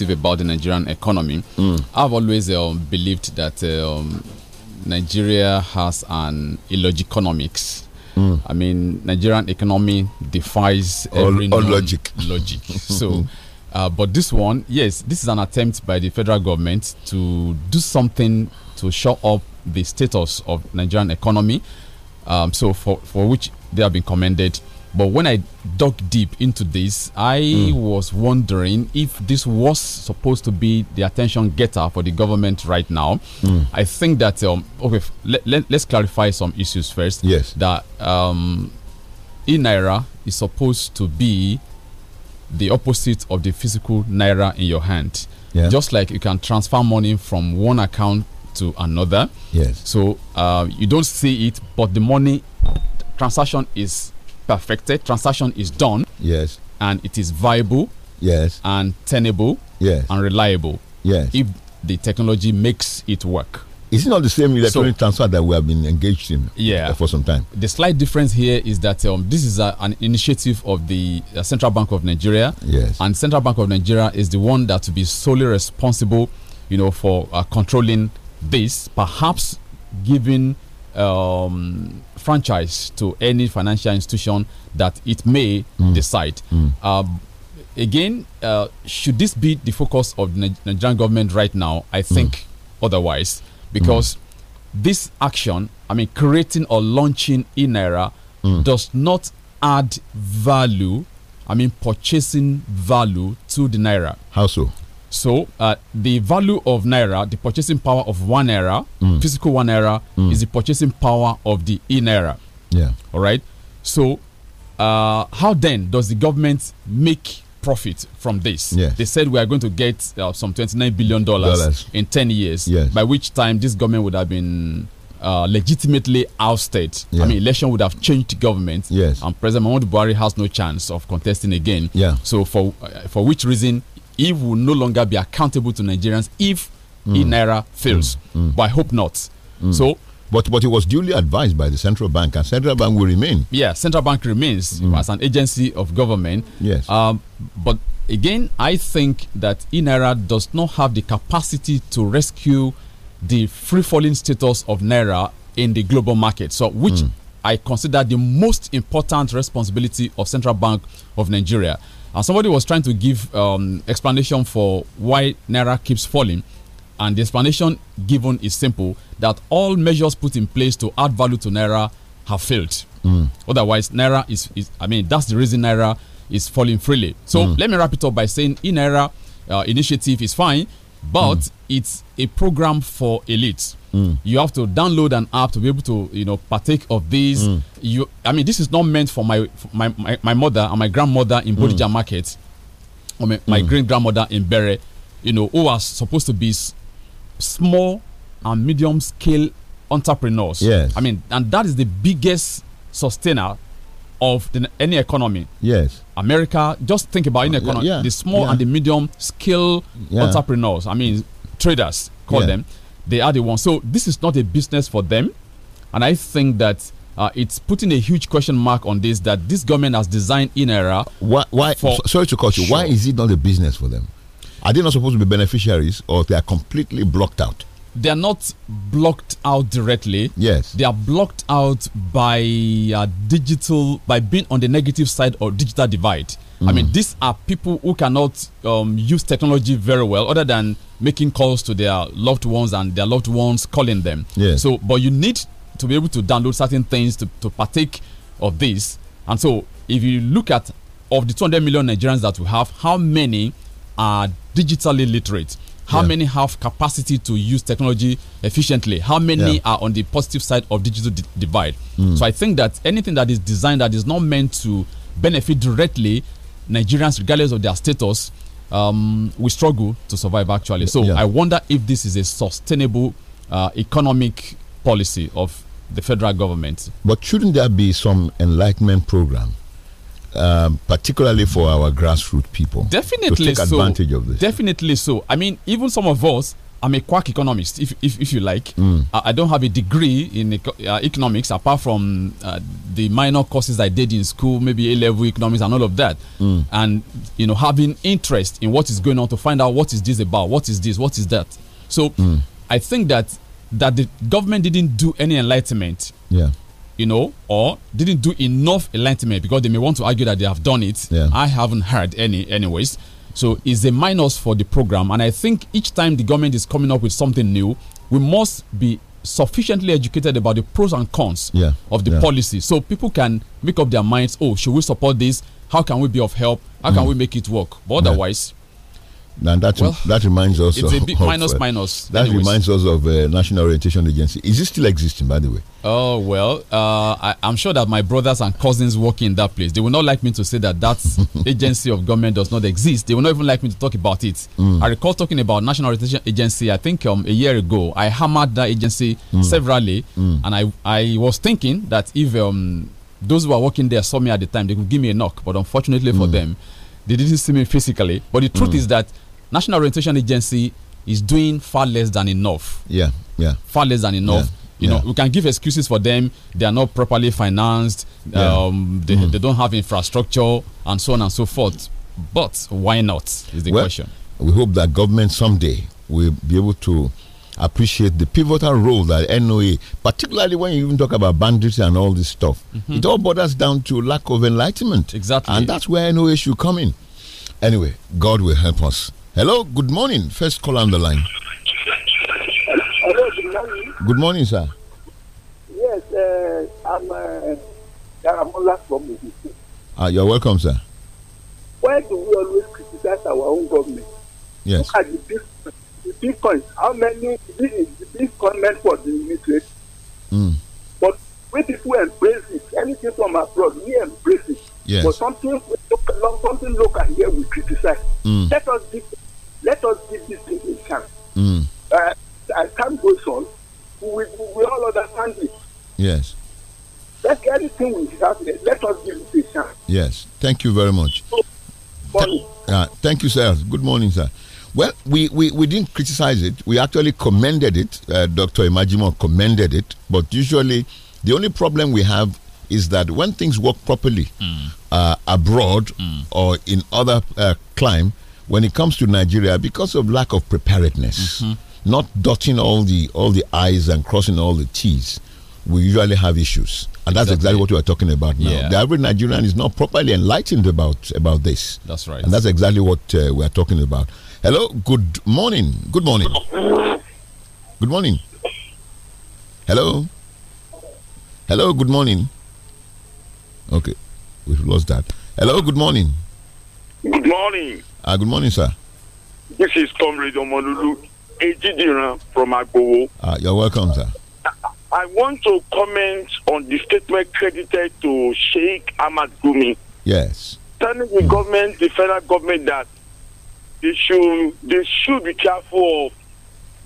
about the Nigerian economy. Mm. I've always um, believed that um, Nigeria has an illogiconomics. Mm. I mean, Nigerian economy defies every all, all logic. Logic. Hmm. so, uh, but this one, yes, this is an attempt by the federal government to do something to show up the status of Nigerian economy. Um, so, for for which they have been commended but when I dug deep into this, I mm. was wondering if this was supposed to be the attention getter for the government right now. Mm. I think that, um, okay, let, let, us clarify some issues first. Yes. That um, in Naira is supposed to be the opposite of the physical Naira in your hand. Yeah. Just like you can transfer money from one account to another. Yes. So uh, you don't see it, but the money transaction is perfected, transaction is done. Yes. And it is viable. Yes. And tenable. Yes. And reliable. Yes. If the technology makes it work. It's not the same electronic so, transfer that we have been engaged in yeah, uh, for some time. The slight difference here is that um, this is a, uh, an initiative of the uh, Central Bank of Nigeria. Yes. And Central Bank of Nigeria is the one that will be solely responsible, you know, for uh, controlling this, perhaps giving um, franchise to any financial institution that it may mm. decide. Mm. Um, again, uh, should this be the focus of the Nigerian government right now? I mm. think mm. otherwise, because mm. this action, I mean, creating or launching in era, mm. does not add value. I mean, purchasing value to the naira. How so? So uh, the value of naira, the purchasing power of one naira, mm. physical one naira, mm. is the purchasing power of the e naira. Yeah. All right. So uh, how then does the government make profit from this? Yes. They said we are going to get uh, some twenty nine billion dollars in ten years. Yes. By which time this government would have been uh, legitimately ousted. Yeah. I mean, election would have changed government. Yes. And President Mahmoud Buhari has no chance of contesting again. Yeah. So for uh, for which reason he will no longer be accountable to Nigerians if mm. naira mm. fails. Mm. But I hope not. Mm. So. But, but it was duly advised by the central bank, and central bank will remain. Yeah, central bank remains mm. as an agency of government. Yes. Um, but again, I think that Inera does not have the capacity to rescue the free falling status of Naira in the global market. So, which mm. I consider the most important responsibility of Central Bank of Nigeria. And uh, somebody was trying to give um, explanation for why naira keeps falling, and the explanation given is simple: that all measures put in place to add value to naira have failed. Mm. Otherwise, naira is, is, I mean, that's the reason naira is falling freely. So mm. let me wrap it up by saying, in naira uh, initiative is fine, but mm. it's a program for elites. Mm. You have to download an app to be able to, you know, partake of these. Mm. You, I mean, this is not meant for my for my, my, my, mother and my grandmother in mm. Bodija Market, or my, my mm. great grandmother in Bere, you know, who are supposed to be small and medium scale entrepreneurs. Yes. I mean, and that is the biggest sustainer of the, any economy. Yes. America, just think about any economy, uh, yeah, yeah. the small yeah. and the medium scale entrepreneurs, I mean, traders, call them they are the ones. So this is not a business for them. And I think that uh, it's putting a huge question mark on this that this government has designed in error. Why? why for, sorry to cut you. Sure. Why is it not a business for them? Are they not supposed to be beneficiaries, or they are completely blocked out? They are not blocked out directly. Yes, they are blocked out by uh, digital by being on the negative side or digital divide. Mm. I mean, these are people who cannot um, use technology very well, other than making calls to their loved ones and their loved ones calling them. Yeah. So, but you need to be able to download certain things to, to partake of this. And so, if you look at of the 200 million Nigerians that we have, how many are digitally literate? How yeah. many have capacity to use technology efficiently? How many yeah. are on the positive side of digital di divide? Mm. So I think that anything that is designed that is not meant to benefit directly Nigerians, regardless of their status, um, we struggle to survive actually. So yeah. I wonder if this is a sustainable uh, economic policy of the federal government. But shouldn't there be some enlightenment program? Um, particularly for our grassroots people, definitely to take so, advantage of this. Definitely so. I mean, even some of us I'm a quack economist, if if, if you like. Mm. I, I, don't have a degree in uh, economics apart from uh, the minor courses I did in school, maybe A level economics and all of that. Mm. And you know, having interest in what is going on to find out what is this about, what is this, what is that. So mm. I think that that the government didn't do any enlightenment. Yeah. You know, or didn't do enough enlightenment because they may want to argue that they have done it. Yeah. I haven't heard any, anyways. So it's a minus for the program. And I think each time the government is coming up with something new, we must be sufficiently educated about the pros and cons yeah, of the yeah. policy so people can make up their minds oh should we support this how can we be of help how mm. can we make it work but otherwise and that, well, that reminds us it's of, a bit minus, of, uh, minus. That anyways. reminds us of uh, National Orientation Agency. Is it still existing, by the way? Oh, well, uh, I, am sure that my brothers and cousins working in that place, they will not like me to say that that agency of government does not exist. They will not even like me to talk about it. Mm. I recall talking about National Orientation Agency, I think um, a year ago. I hammered that agency mm. severally, mm. and I, I was thinking that if um, those who are working there saw me at the time, they could give me a knock. But unfortunately for mm. them, they didn't see me physically, but the truth mm. is that National Orientation Agency is doing far less than enough. Yeah, yeah. Far less than enough. Yeah. You yeah. know, we can give excuses for them. They are not properly financed. Yeah. Um, they, mm. they don't have infrastructure and so on and so forth. But why not? Is the well, question. We hope that government someday will be able to appreciate the pivotal role that NOA, particularly when you even talk about bandits and all this stuff, mm -hmm. it all borders down to lack of enlightenment. Exactly. And that's where NOA should come in. Anyway, God will help us. Hello, good morning. First call on the line. Hello, good morning. Good morning, sir. Yes, uh, I'm uh, from Ah, you're welcome, sir. Why do we always criticize our own government? Yes. Look at the big Bitcoin, how many Bitcoin meant for the illiterate? Mm. But when people embrace it, anything from abroad, we embrace it. Yes. But something local, something local here we criticize. Mm. Let us give let us give this thing a chance. Mm. Uh, as time goes on, we, we, we all understand it. Yes. Let anything we have let us give this a chance. Yes. Thank you very much. So, Th uh, thank you, sir. Good morning, sir. Well, we, we, we didn't criticize it. We actually commended it. Uh, Dr. Imajimo commended it. But usually, the only problem we have is that when things work properly mm. uh, abroad mm. or in other uh, clime, when it comes to Nigeria, because of lack of preparedness, mm -hmm. not dotting all the all the I's and crossing all the T's, we usually have issues. And exactly. that's exactly what we are talking about now. Yeah. The average Nigerian is not properly enlightened about about this. That's right. And that's exactly what uh, we are talking about. Hello, good morning. Good morning. Good morning. Hello. Hello, good morning. Okay, we've lost that. Hello, good morning. Good morning. Ah, uh, good morning, sir. This is Comrade Omolulu Ejidiran from Agbowo. Ah, uh, you're welcome, sir. I want to comment on the statement credited to Sheikh Ahmad Gumi. Yes. Telling the hmm. government, the federal government, that they should they should be careful of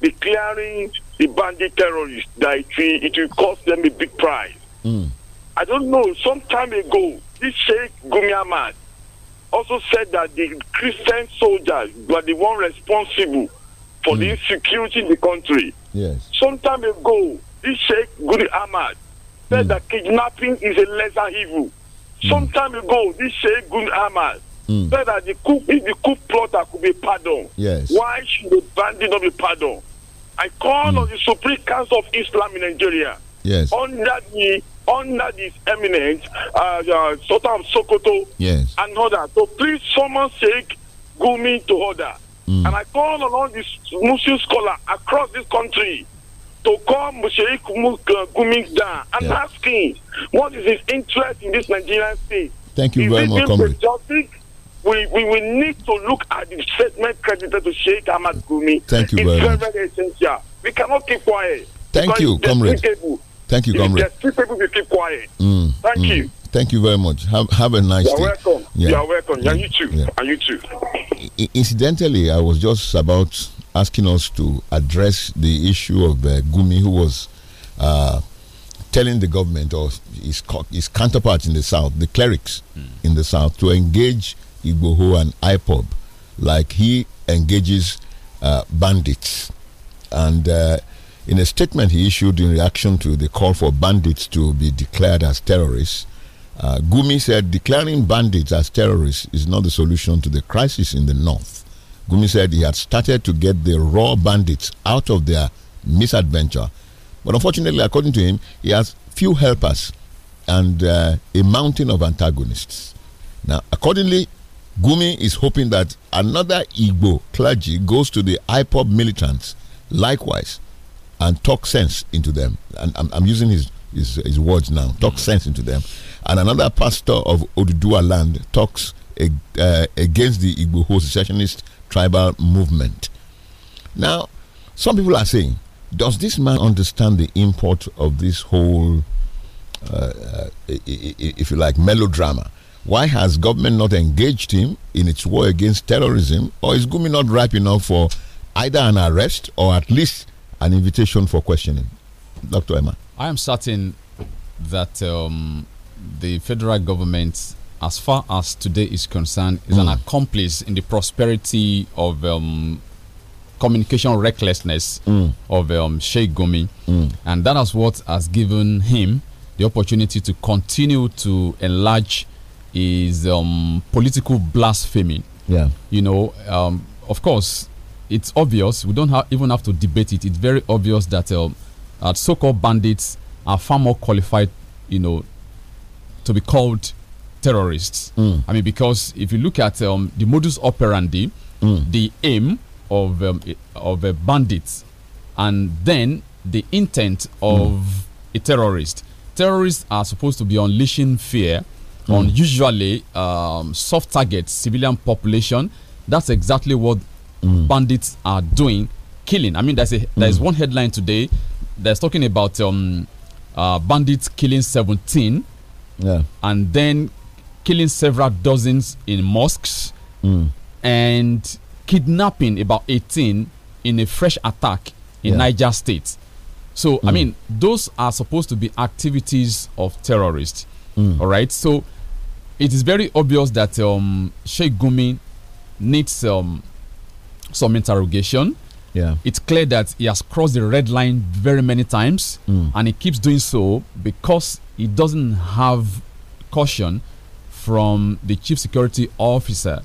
declaring the bandit terrorists that it will, it will cost them a big price. Mm. I don't know. Some time ago, this Sheikh Gumi Ahmad also said that the Christian soldiers were the one responsible for mm. the insecurity in the country. Yes. Some time ago, this Sheikh Gumi Ahmad said mm. that kidnapping is a lesser evil. Some hmm. time ago, this Sheikh Gumi Ahmad mm. said that the coup, if the coup plotter could be pardoned, yes. why should the bandit not be pardoned? I call mm. on the Supreme Council of Islam in Nigeria, yes. under the under this eminent uh, uh, Sultan of Sokoto yes. and that. so please someone sake Gumi to order. Mm. And I call on all these Muslim scholars across this country to call Musherik uh, Gumi down and yeah. ask him what is his interest in this Nigerian state. Thank you is very much, comrade we, we will need to look at the statement credited to Sheikh Ahmad Gumi. Thank you it's very, much. Very essential. We cannot keep quiet. Thank you, comrade. Thank you, comrade. Just keep people to keep quiet. Mm, Thank mm. you. Thank you very much. Have, have a nice day. You're Welcome. Yeah. You're welcome. Yeah. you too. Yeah. And you too. incidentally, I was just about asking us to address the issue of uh, Gumi, who was uh, telling the government or his, his counterparts in the South, the clerics mm. in the South, to engage Igboho and IPOB, like he engages uh, bandits. And uh, in a statement he issued in reaction to the call for bandits to be declared as terrorists, uh, Gumi said declaring bandits as terrorists is not the solution to the crisis in the north. Gumi said he had started to get the raw bandits out of their misadventure, but unfortunately, according to him, he has few helpers and uh, a mountain of antagonists. Now, accordingly, Gumi is hoping that another Igbo clergy goes to the IPOB militants likewise and talk sense into them. And I'm, I'm using his, his, his, words now talk mm sense into them. And another pastor of Oduduwa land talks uh, against the Igbo whole secessionist tribal movement. Now, some people are saying, does this man understand the import of this whole, uh, uh, if you like, melodrama? Why has government not engaged him in its war against terrorism? Or is Gumi not ripe enough for either an arrest or at least an invitation for questioning? Dr. Emma. I am certain that um, the federal government, as far as today is concerned, is mm. an hmm. accomplice in the prosperity of um, communication recklessness mm. of um, Sheikh Gumi, Mm. And that is what has given him the opportunity to continue to enlarge is um, political blasphemy. Yeah. You know, um, of course, it's obvious. We don't have, even have to debate it. It's very obvious that uh, so-called bandits are far more qualified, you know, to be called terrorists. Mm. I mean, because if you look at um, the modus operandi, mm. the aim of um, of a bandit, and then the intent of mm. a terrorist. Terrorists are supposed to be unleashing fear mm. on usually um, soft target civilian population. That's exactly what mm. bandits are doing, killing. I mean, there's a, there's mm. one headline today that's talking about um, uh, bandits killing 17, yeah. and then killing several dozens in mosques, mm. and kidnapping about 18 in a fresh attack in yeah. Niger State. So, mm. I mean, those are supposed to be activities of terrorists. Mm. All right. So, it is very obvious that um, Sheikh Gumi needs um, some interrogation. Yeah. It's clear that he has crossed the red line very many times mm. and he keeps doing so because he doesn't have caution from the chief security officer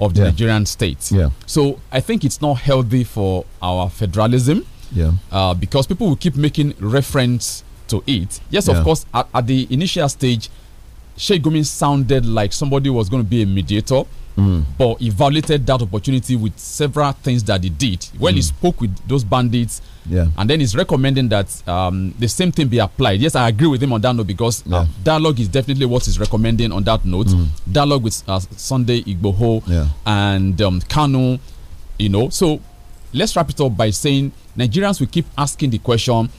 of the yeah. Nigerian state. Yeah. So I think it's not healthy for our federalism. Yeah. Uh, because people will keep making reference to it. Yes, yeah. of course, at, at the initial stage, Gumi sounded like somebody was going to be a mediator. Mm. But he violated that opportunity with several things that he did. When mm. he spoke with those bandits, yeah. and then he's recommending that um, the same thing be applied. Yes, I agree with him on that note because yeah. Uh, dialogue is definitely what he's recommending on that note. Mm. Dialogue with uh, Sunday Igboho yeah. and um, Kanu, you know. So let's wrap it up by saying Nigerians will keep asking the question: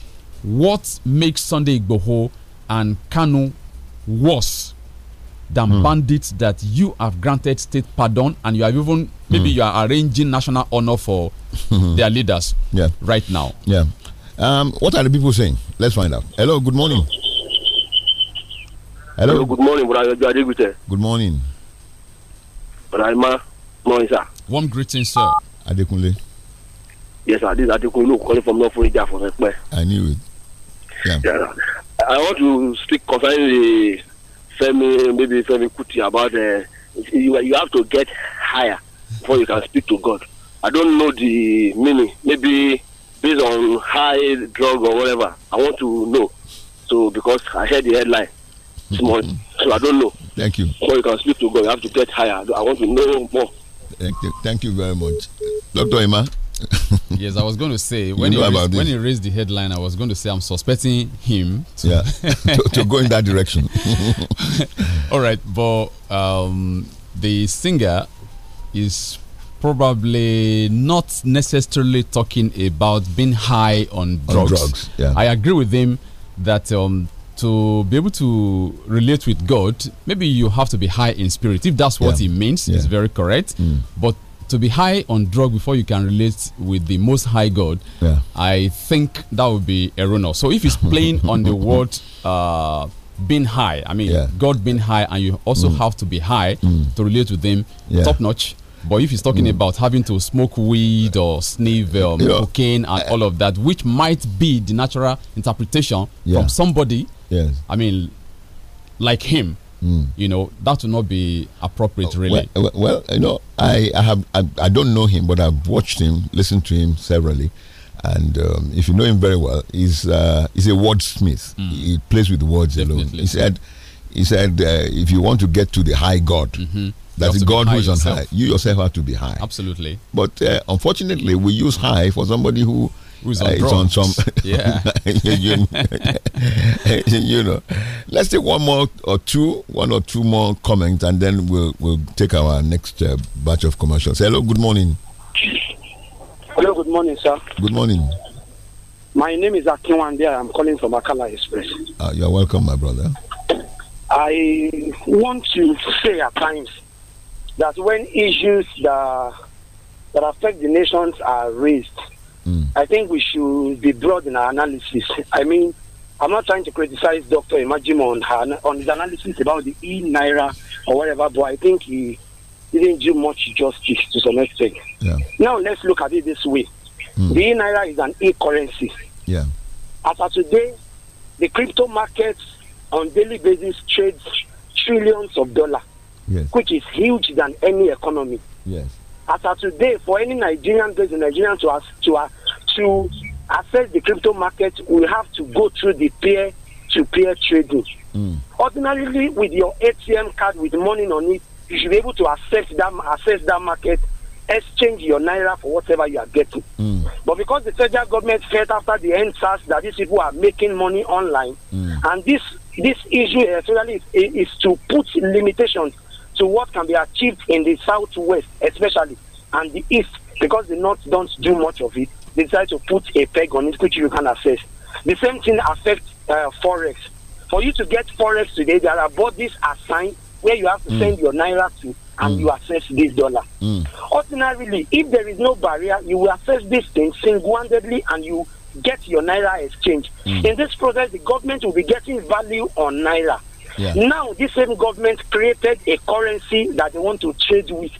What makes Sunday Igboho and Kanu worse than mm. bandits that you have granted state pardon and you have even maybe mm. you are arranging national honor for their leaders yeah. right now. Yeah. Um, what are the people saying? Let's find out. Hello, good morning. Hello. Hello good morning, brother. Good morning. Good morning, sir. Warm greetings, sir. Adekunle. Yes, sir. This is Adekunle calling from North Florida for Ekpe. I knew it. Yeah. yeah I want to speak concerning the Femi, maybe Femi Kuti about uh, you, you have to get higher before you can speak to God. I don't know the meaning. Maybe based on high drug or whatever. I want to know. So because I heard the headline this mm-hmm. morning, so I don't know. Thank you. Before you can speak to God, you have to get higher. I want to know more. Thank you. Thank you very much, Doctor Emma. yes, I was going to say when, you know he raised, when he raised the headline, I was going to say I'm suspecting him. To yeah, to, to, go in that direction. All right, but um, the singer is probably not necessarily talking about being high on drugs. On drugs yeah. I agree with him that um, to be able to relate with God, maybe you have to be high in spirit. If that's what yeah. he means, yeah. it's very correct. Mm. But to be high on drug before you can relate with the most high God, yeah. I think that would be erroneous. So if he's playing on the word uh, being high, I mean, yeah. God being high, and you also mm. have to be high mm. to relate with Him, yeah. top notch. But if he's talking mm. about having to smoke weed or sniff um, yeah. cocaine and all of that, which might be the natural interpretation from somebody, yes. I mean, like him, Mm. You know that would not be appropriate, really. Well, well, you know, I, I have I, I, don't know him, but I've watched him, listened to him severally, and um, if you know him very well, he's uh, he's a wordsmith. Mm. He plays with words Definitely. alone. He said, he said, uh, if you want to get to the high God. Mm -hmm. That is God who is on yourself. high. You yourself have to be high. Absolutely. But uh, unfortunately, we use high for somebody who who's on, uh, on some, yeah, you, you, know. Let's take one more or two, one or two more comments, and then we'll we'll take our next uh, batch of commercials. Hello, good morning. Hello, good morning, sir. Good morning. My name is Akinwande. I'm calling from Akala Express. Uh, ah, you're welcome, my brother. I want to say at times that when issues that, that affect the nations are raised, Mm. I think we should be broad in our analysis. I mean, I'm not trying to criticize Dr. Imajima on, her, on his analysis about the e Naira or whatever, but I think he didn't do much justice to some extent. Yeah. Now, let's look at it this way mm. the e Naira is an e currency. Yeah. As of today, the crypto market on daily basis trades trillions of dollars, yes. which is huge than any economy. Yes as of today for any nigerian based nigerian to as to as to access the crypto market we have to go through the peer to peer trading. Mm. ordinarily with your atm card with money on it you should be able to access that access that market exchange your naira for whatever you are getting. Mm. But because the federal government felt after the end NSAS that these people are making money online, mm. and this this issue especially eh, is, is, to put limitations to what can be achieved in the southwest, especially, and the east, because the north don't do much of it. They decide to put a peg on it, which you can assess. The same thing affects uh, forex. For you to get forex today, there are bodies assigned where you have to mm. send your naira to, and mm. you assess this dollar. Mm. Ordinarily, if there is no barrier, you will assess this thing single-handedly, and you get your naira exchange. Mm. In this process, the government will be getting value on naira yeah. Now, this same government created a currency that they want to trade with,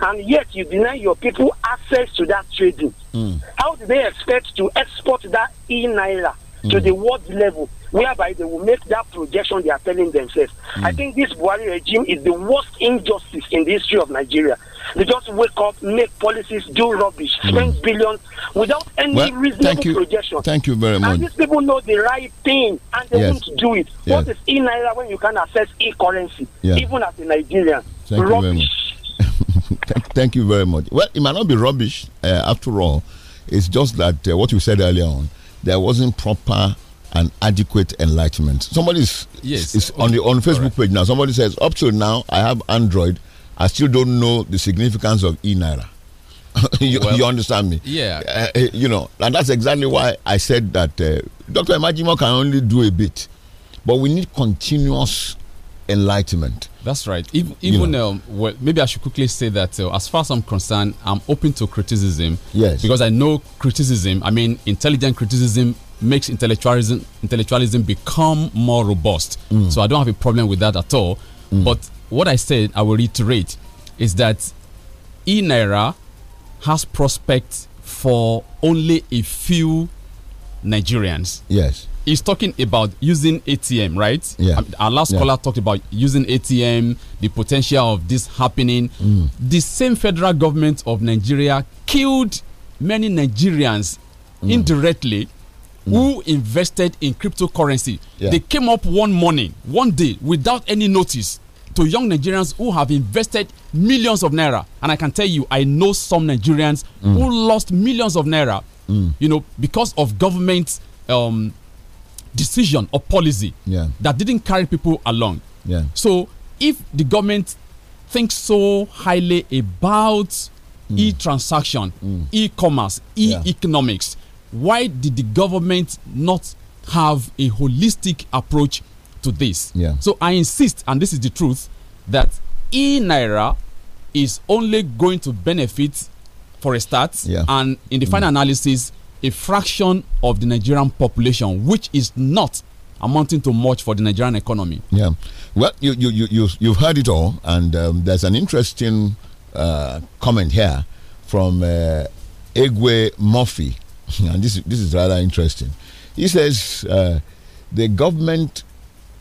and yet you deny your people access to that trading. Mm. How do they expect to export that e naira mm. to hmm. the world level, whereby they will make that projection they are telling themselves? Mm. I think this Buhari regime is the worst injustice in the history of Nigeria. They just wake up, make policies, do rubbish, hmm. spend mm. billions without any well, reasonable thank you. projection. Thank you very much. And these people know the right thing and they yes. won't do it. Yes. What is e Naira when you can access e currency, yeah. even as a Nigerian? Thank rubbish. thank, you very much. Well, it might not be rubbish uh, after all. It's just that uh, what you said earlier on, there wasn't proper and adequate enlightenment. Somebody is yes. on the on Facebook right. page now. Somebody says, up till now, I have Android I still don't know the significance of e naira. you, well, you, understand me? Yeah. Uh, uh, you know, and that's exactly why I said that uh, Dr. Imajimo can only do a bit, but we need continuous enlightenment. That's right. Even, even um, well, maybe I should quickly say that uh, as far as I'm concerned, I'm open to criticism. Yes. Because I know criticism. I mean, intelligent criticism makes intellectualism intellectualism become more robust. Mm. So I don't have a problem with that at all. Mm. But what I said, I will reiterate, is that e naira has prospects for only a few Nigerians. Yes. He's talking about using ATM, right? Yeah. Um, our last yeah. caller talked about using ATM, the potential of this happening. Mm. The same federal government of Nigeria killed many Nigerians mm. indirectly mm. who invested in cryptocurrency. Yeah. They came up one morning, one day, without any notice to young Nigerians who have invested millions of naira. And I can tell you, I know some Nigerians mm. who lost millions of naira, mm. you know, because of government's um, decision or policy yeah. that didn't carry people along. Yeah. So if the government thinks so highly about mm. e transaction, mm. e commerce, e economics, yeah. why did the government not have a holistic approach to this. Yeah. So I insist, and this is the truth, that e naira is only going to benefit for a start, yeah. and in the final mm. analysis, a fraction of the Nigerian population, which is not amounting to much for the Nigerian economy. Yeah. Well, you you you you you've heard it all, and um, there's an interesting uh, comment here from uh, Egwe Murphy, and this this is rather interesting. He says uh, the government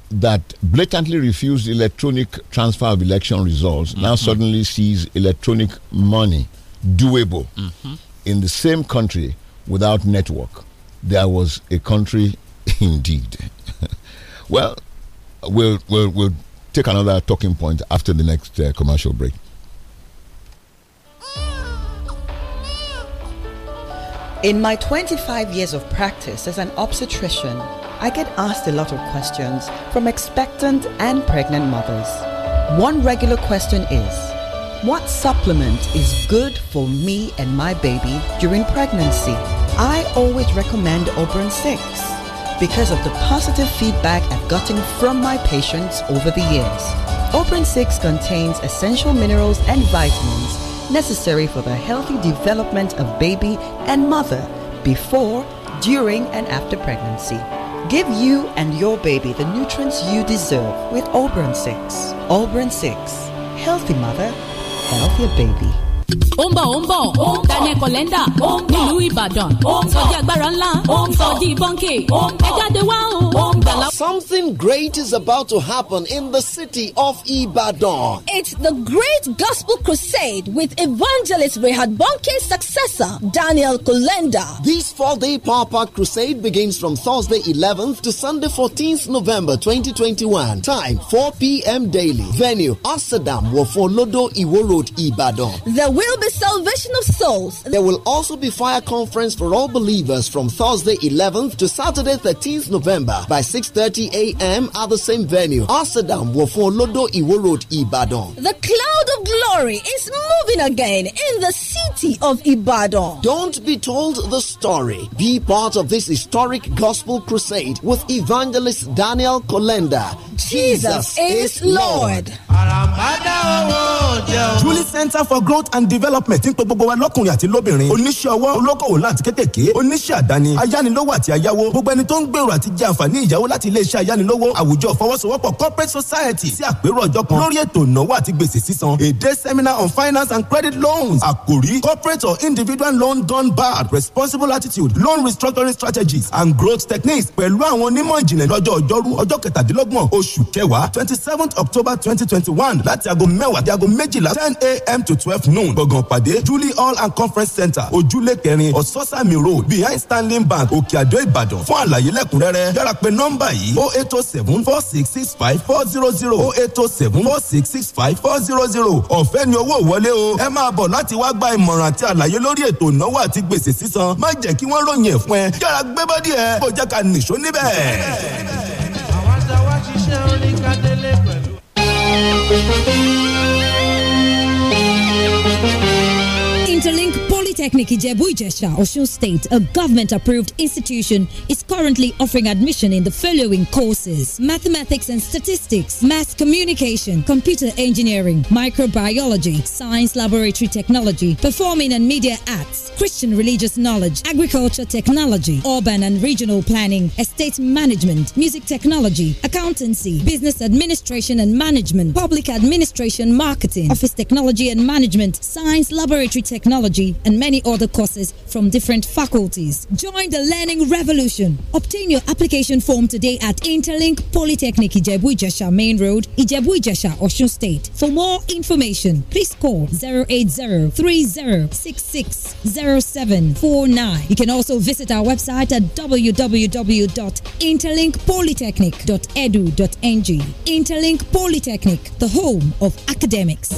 that blatantly refused electronic transfer of election results mm -hmm. now mm-hmm. suddenly sees electronic money doable mm -hmm. in the same country without network. There was a country indeed. well, we'll, we'll, we'll take another talking point after the next uh, commercial break. In my 25 years of practice as an obstetrician, I get asked a lot of questions from expectant and pregnant mothers. One regular question is What supplement is good for me and my baby during pregnancy? I always recommend Oberon 6 because of the positive feedback I've gotten from my patients over the years. Oberon 6 contains essential minerals and vitamins necessary for the healthy development of baby and mother before, during, and after pregnancy. Give you and your baby the nutrients you deserve with Auburn 6. Auburn 6. Healthy mother, healthier baby. Daniel Ìbàdàn agbára ńlá wá o. Something great is about to happen in the city of Ibadan. It's the Great Gospel Crusade with evangelist Rehad Bonke's successor, Daniel Kolenda. This four day power packed crusade begins from Thursday 11th to Sunday 14th November 2021. Time 4 p.m. daily. Venue Asadam Wofolodo Iwo Road, Ibadan. The will be salvation of souls. There will also be fire conference for all believers from Thursday 11th to Saturday 13th November by 6:30 a.m. at the same venue, Asadam Wofolodo Iwo Road, Ibadan. The cloud of glory is moving again in the city of Ibadan. Don't be told the story. Be part of this historic gospel crusade with evangelist Daniel Kolenda. Jesus, Jesus is Lord. Lord. Oh, oh, oh, Center for Growth and and development ń pe gbogbo wa lọ́kùnrin àti lóbìnrin oníṣẹ́ ọwọ́ olókòwò láti kékèké oníṣẹ́ àdáni ayánilówó àti ayáwó gbogbo ẹni tó ń gbèrò àti jẹ àǹfààní ìyàwó láti iléeṣẹ́ ayánilówó àwùjọ fọwọ́sowọ́pọ̀ corporate society sí àpérò ọjọ́ kan lórí ètò ìnáwó àti gbèsè sísan èdè seminar on finance and credit loans àkòrí corporate or individual loan done bad responsible attitude loan restructuring strategies and growth techniques pẹ̀lú àwọn onímọ̀ ìjìnlẹ̀ lọ́jọ́ ọjọ́rú ọjọ́ kẹtàdínlọ́gbọ̀n oṣù kẹwàá twenty seven october twenty twenty one láti aago mẹ́wàá di aago méjìlá ten a.m. to twelve noon gbọ̀ngàn pàdé Julie hall and conference center ojúlé kẹrin ososani road behind stanley bank òkè àdó ìbàdàn fún àlàyé lẹ́kùnrẹ́rẹ́ yára pè nọ́mbà yìí o oh eight o oh seven four six six five four zero zero o oh eight o seven four six six five four zero zero ọ̀fẹ́ ni owó wọlé o ẹ máa bọ̀ láti wá gba ìmọ̀ràn àti àlàyé lórí ètò ìnáwó àti gbèsè sísan má jẹ́ kí wọ́n ròyìn ẹ̀ fún ẹ yára gbé bọ́dí ẹ kó jẹ́ ká nìṣó níbẹ̀. àwọn àtàwọn ṣiṣẹ́ orin pẹ̀lú. Interlink. Polytechnic Ijebu-Ijesha, Osun State, a government-approved institution, is currently offering admission in the following courses: Mathematics and Statistics, Mass Communication, Computer Engineering, Microbiology, Science Laboratory Technology, Performing and Media Arts, Christian Religious Knowledge, Agriculture Technology, Urban and Regional Planning, Estate Management, Music Technology, Accountancy, Business Administration and Management, Public Administration Marketing, Office Technology and Management, Science Laboratory Technology, and many other courses from different faculties. Join the learning revolution. Obtain your application form today at Interlink Polytechnic Ijebu Ijesha Main Road, Ijebu Ijesha, Osun State. For more information, please call 080-3066-0749. You can also visit our website at www.interlinkpolytechnic.edu.ng. Interlink Polytechnic, the home of academics.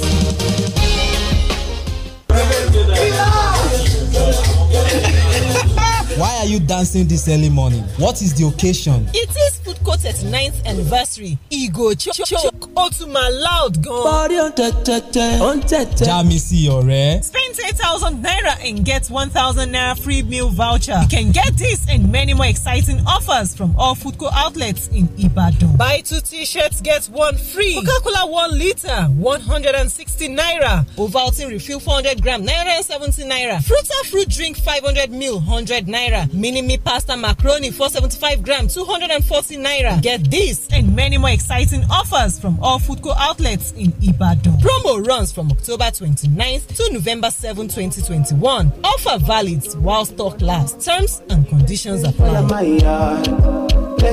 Why are you dancing this early morning? What is the occasion? It is Food Court's 9th anniversary. Ego choke choke ó tún máa loud gan. Bọ́rí ó ń tẹ̀tẹ̀tẹ̀ ó ń tẹ̀tẹ̀. Já mi Spend eight naira and get 1,000 naira free meal voucher. You can get this and many more exciting offers from all Food Court outlets in Ibadan. Buy two t-shirts get one free. Coca-Cola one liter, 160 naira. Ovaltine refill 400 hundred gram naira and seventy naira. Fruta fruit drink 500 hundred mil hundred naira. Mini me pasta macaroni 475 gram 240 naira. Get this and many more exciting offers from all food co outlets in Ibadan. Promo runs from October 29th to November 7, 2021. Offer valid while stock lasts. Terms and conditions apply. Uh-huh.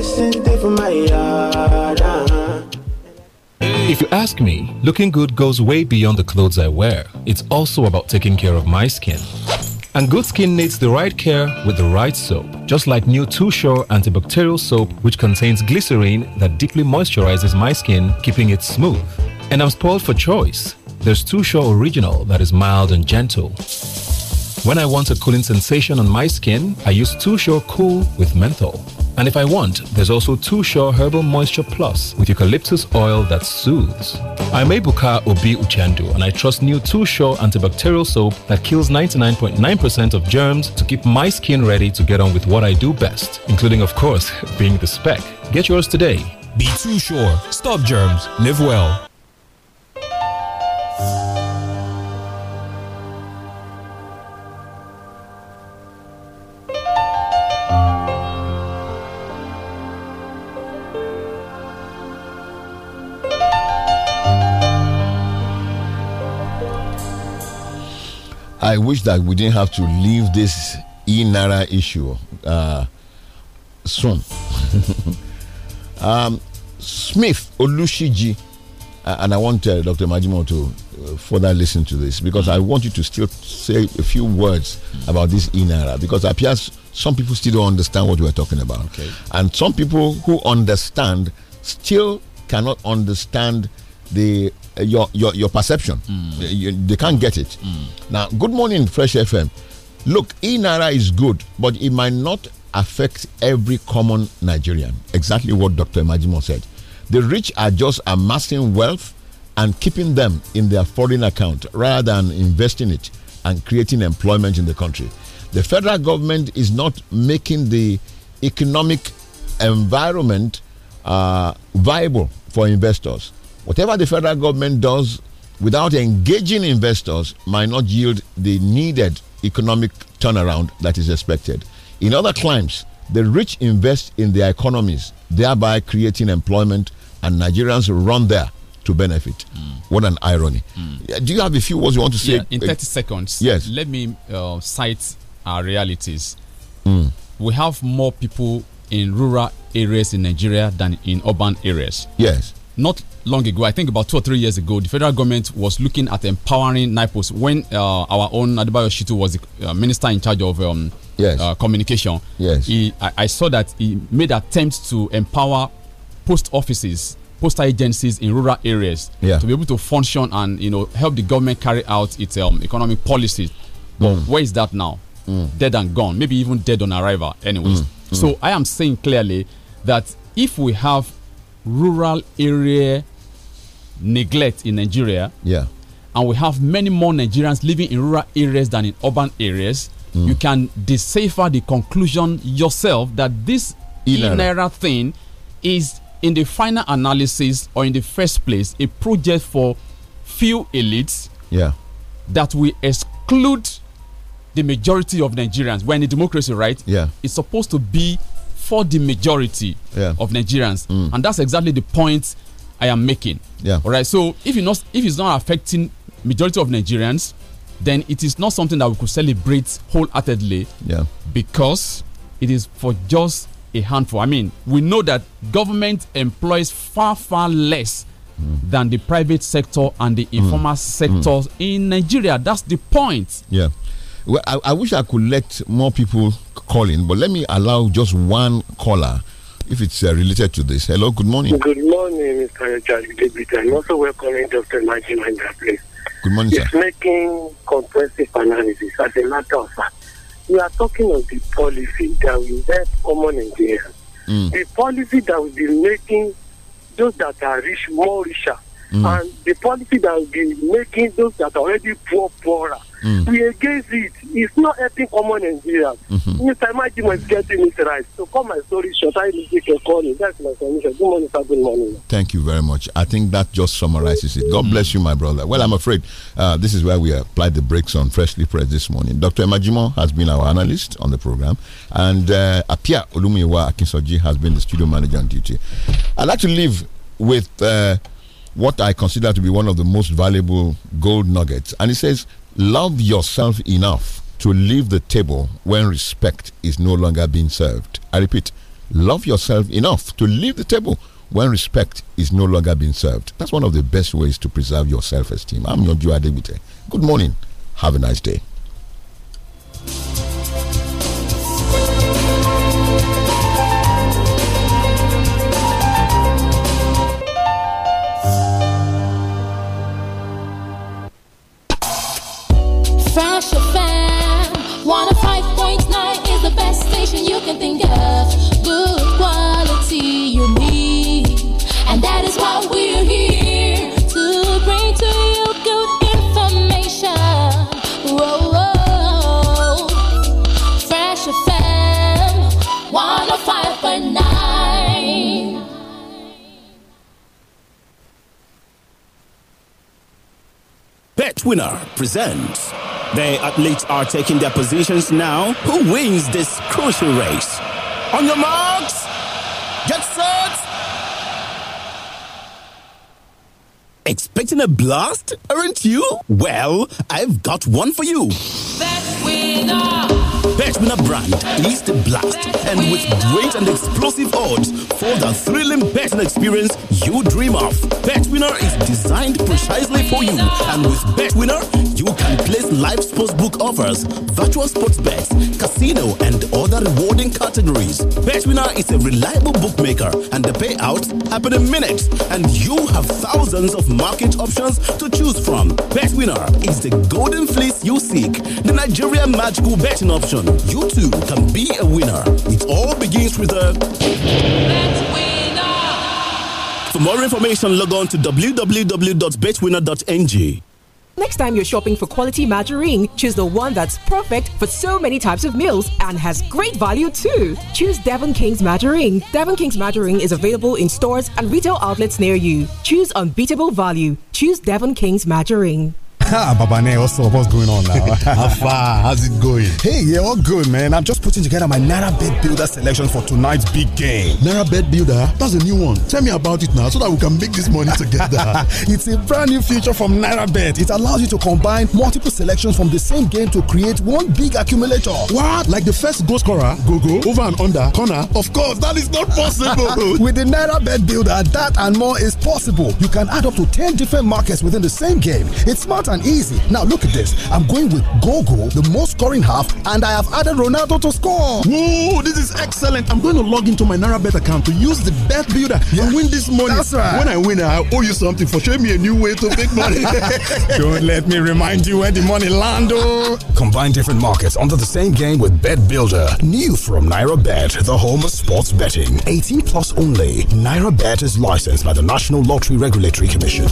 If you ask me, looking good goes way beyond the clothes I wear. It's also about taking care of my skin. And good skin needs the right care with the right soap. Just like new 2 antibacterial soap, which contains glycerine that deeply moisturizes my skin, keeping it smooth. And I'm spoiled for choice. There's 2 Original that is mild and gentle. When I want a cooling sensation on my skin, I use 2 Cool with menthol. And if I want, there's also Too Shore Herbal Moisture Plus with eucalyptus oil that soothes. I'm Ebuka Obi Uchendu and I trust new Too Shore antibacterial soap that kills 99.9% percent of germs to keep my skin ready to get on with what I do best, including, of course, being the spec. Get yours today. Be Too Sure. Stop germs. Live well. I wish that we didn't have to leave this Inara issue uh, soon. um, Smith Olushiji, uh, and I want uh, Dr. Majimo to uh, further listen to this because I want you to still say a few words about this Inara because it appears some people still don't understand what we're talking about. Okay. And some people who understand still cannot understand the your your your perception. Mm. They, you, they, can't get it. Mm. Now, good morning, Fresh FM. Look, Inara is good, but it might not affect every common Nigerian. Exactly what Dr. Majimo said. The rich are just amassing wealth and keeping them in their foreign account rather than investing it and creating employment in the country. The federal government is not making the economic environment uh, viable for investors. Whatever the federal government does without engaging investors might not yield the needed economic turnaround that is expected. In other climes, the rich invest in their economies, thereby creating employment, and Nigerians run there to benefit. Mm. What an irony. Mm. Do you have a few words you want to say? Yeah, in uh, 30 seconds, yes. let me uh, cite our realities. Mm. We have more people in rural areas in Nigeria than in urban areas. Yes not long ago, I think about two or three years ago, the federal government was looking at empowering NIPOS when uh, our own Adibayo Shitu was the uh, minister in charge of um, yes. uh, communication. Yes. He, I, I, saw that he made attempts to empower post offices, postal agencies in rural areas yeah. to be able to function and you know help the government carry out its um, economic policies. But mm. where is that now? Mm. Dead and gone. Maybe even dead on arrival. Anyways, mm. mm. so I am saying clearly that if we have rural area neglect in Nigeria. Yeah. And we have many more Nigerians living in rural areas than in urban areas. Mm. You can decipher the conclusion yourself that this Inera thing is, in the final analysis or in the first place, a project for few elites yeah. that will exclude the majority of Nigerians. when in democracy, right? Yeah. It's supposed to be for the majority yeah. of Nigerians. Mm. And that's exactly the point I am making. Yeah. All right. So if you not if it's not affecting majority of Nigerians, then it is not something that we could celebrate wholeheartedly. Yeah. Because it is for just a handful. I mean, we know that government employs far far less mm. than the private sector and the mm. informal mm. sectors in Nigeria. That's the point. Yeah. Well, I, I, wish I could let more people call in, but let me allow just one caller if it's uh, related to this. Hello, good morning. Good morning, Mr. Richard David. I'm also welcoming Dr. Martin in that place. Good morning, it's sir. making comprehensive analysis as a matter of fact. We are talking of the policy that will help common Nigerians. Mm. The policy that will be making those that are rich more richer Mm. And the policy that be making those that are already poor poorer. Mm. We against it. It's not helping common Nigerians. Mm-hmm. Mr. Imagine is getting it right. So come my story short. I need to calling. That's my solution. Good morning, sir. Good morning. Thank you very much. I think that just summarizes it. God mm. bless you, my brother. Well, I'm afraid uh, this is where we applied the brakes on Freshly Pressed this morning. Dr. Imajimo has been our analyst on the program, and uh, Apia Olumiwa Akinsoji has been the studio manager on duty. I'd like to leave with. Uh, what I consider to be one of the most valuable gold nuggets. And it says, Love yourself enough to leave the table when respect is no longer being served. I repeat, love yourself enough to leave the table when respect is no longer being served. That's one of the best ways to preserve your self esteem. I'm Yonju Adebute. Good morning. Have a nice day. can think of. BetWinner presents. The athletes are taking their positions now. Who wins this crucial race? On your marks, get set. Expecting a blast, aren't you? Well, I've got one for you. BetWinner. Stamina brand is the blast. And with great and explosive odds for the thrilling betting experience you dream of. Betwinner is designed precisely for you. And with Betwinner, you can place live sportsbook offers, virtual sports bets, casino, and other rewarding categories. Betwinner is a reliable bookmaker, and the payouts happen in minutes. And you have thousands of market options to choose from. Betwinner is the golden fleece you seek, the Nigerian magical betting option you too can be a winner. It all begins with a. Let's For more information, log on to www.betwinner.ng. Next time you're shopping for quality margarine, choose the one that's perfect for so many types of meals and has great value too. Choose Devon King's margarine. Devon King's margarine is available in stores and retail outlets near you. Choose unbeatable value. Choose Devon King's margarine. Ah, Babane, what's up? What's going on now? How far? How's it going? Hey, yeah, all good, man. I'm just putting together my Naira Bed Builder selection for tonight's big game. Naira Bed Builder? That's a new one. Tell me about it now so that we can make this money together. it's a brand new feature from Naira Bet. It allows you to combine multiple selections from the same game to create one big accumulator. What? Like the first goal scorer, go go, over and under, corner? Of course, that is not possible. With the Naira Bet Builder, that and more is possible. You can add up to 10 different markets within the same game. It's smart and and easy. Now look at this. I'm going with Gogo, the most scoring half, and I have added Ronaldo to score. Ooh, this is excellent. I'm going to log into my NaraBet account to use the bet builder yeah. and win this money. That's right. When I win, I owe you something for showing me a new way to make money. Don't let me remind you where the money lando. Oh. Combine different markets onto the same game with Bet Builder. New from NaraBet, the home of sports betting. 18 plus only. NaraBet is licensed by the National Lottery Regulatory Commission.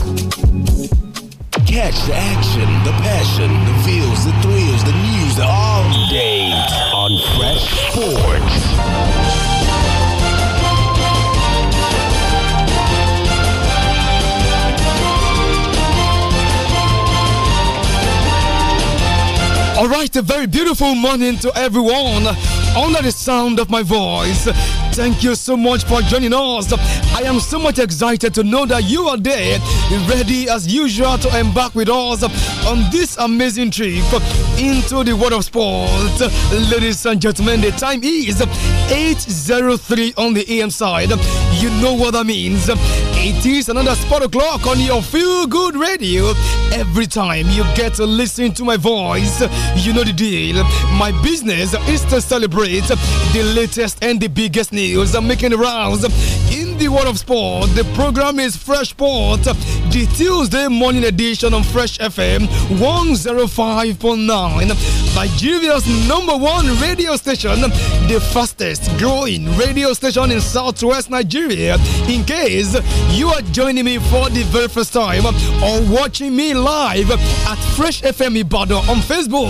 Catch the action, the passion, the feels, the thrills, the news the all day on Fresh Sports. All right, a very beautiful morning to everyone under the sound of my voice. Thank you so much for joining us. I am so much excited to know that you are there, ready as usual to embark with us on this amazing trip into the world of sport. Ladies and gentlemen, the time is 8.03 on the AM side. You know what that means. It is another spot o'clock on your feel good radio. Every time you get to listen to my voice, you know the deal. My business is to celebrate the latest and the biggest news Reels. i making rounds. You the world of sport, the program is Fresh Sport, the Tuesday morning edition on Fresh FM 105.9, Nigeria's number one radio station, the fastest growing radio station in southwest Nigeria. In case you are joining me for the very first time or watching me live at Fresh FM Ibadan on Facebook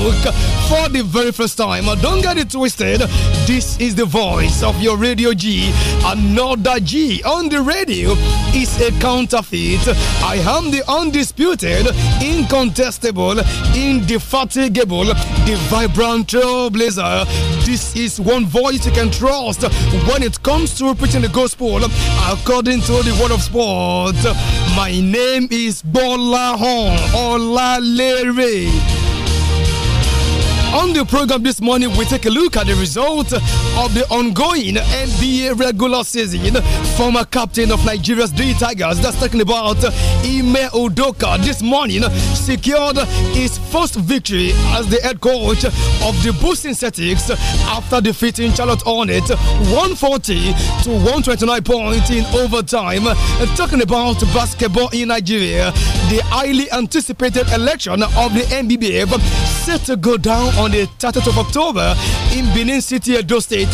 for the very first time, don't get it twisted. This is the voice of your radio G, another G on the radio is a counterfeit. I am the undisputed, incontestable, indefatigable, the vibrant trailblazer. This is one voice you can trust when it comes to preaching the gospel according to the word of sport. My name is Bola Hon Olalere. On the program this morning, we take a look at the result of the ongoing NBA regular season. Former captain of Nigeria's D Tigers, that's talking about Ime Odoka, this morning secured his first victory as the head coach of the Boston Celtics after defeating Charlotte Hornets 140 to 129 points in overtime. Talking about basketball in Nigeria, the highly anticipated election of the NBA set to go down on on the 30th of October in Benin City, Edo State,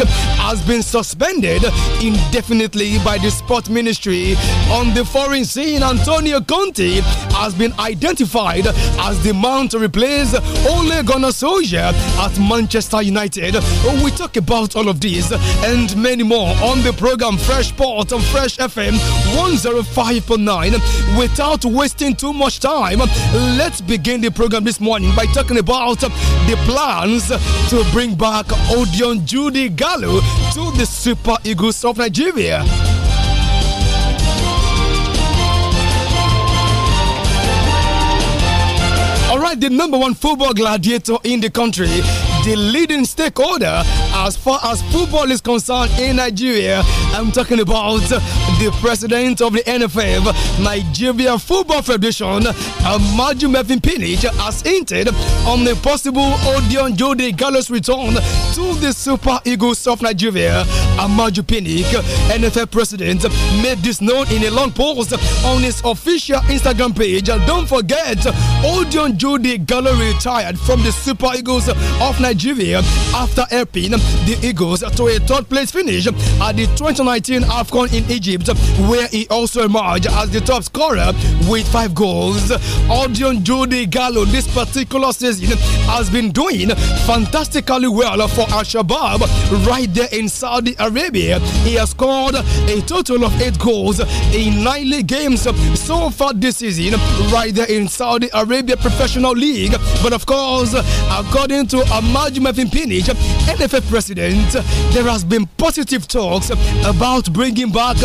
has been suspended indefinitely by the Sport Ministry. On the foreign scene, Antonio Conte has been identified as the man to replace Ole Gunnar Solskjaer at Manchester United. We talk about all of these and many more on the program Fresh Port on Fresh FM 105.9. Without wasting too much time, let's begin the program this morning by talking about the plans to bring back Odion Judy Galu to the Super Eagles of Nigeria. All right, the number one football gladiator in the country the leading stakeholder as far as football is concerned in Nigeria. I'm talking about the president of the NFF, Nigeria Football Federation, Amaju Mevin Pinich, has hinted on the possible Odion Jode Gallas return to the Super Eagles of Nigeria. Amaju Pinich, NFF president, made this known in a long post on his official Instagram page. And don't forget, Odion Jode Gallo retired from the Super Eagles of Nigeria Nigeria after helping the Eagles to a third place finish at the 2019 AFCON in Egypt, where he also emerged as the top scorer with five goals. Audion Judy Gallo this particular season has been doing fantastically well for Al Shabab right there in Saudi Arabia. He has scored a total of eight goals in nine league games so far this season, right there in Saudi Arabia Professional League. But of course, according to Ahmad Haji Mefin Pinnish, NFF president, there has been positive talks about bringing back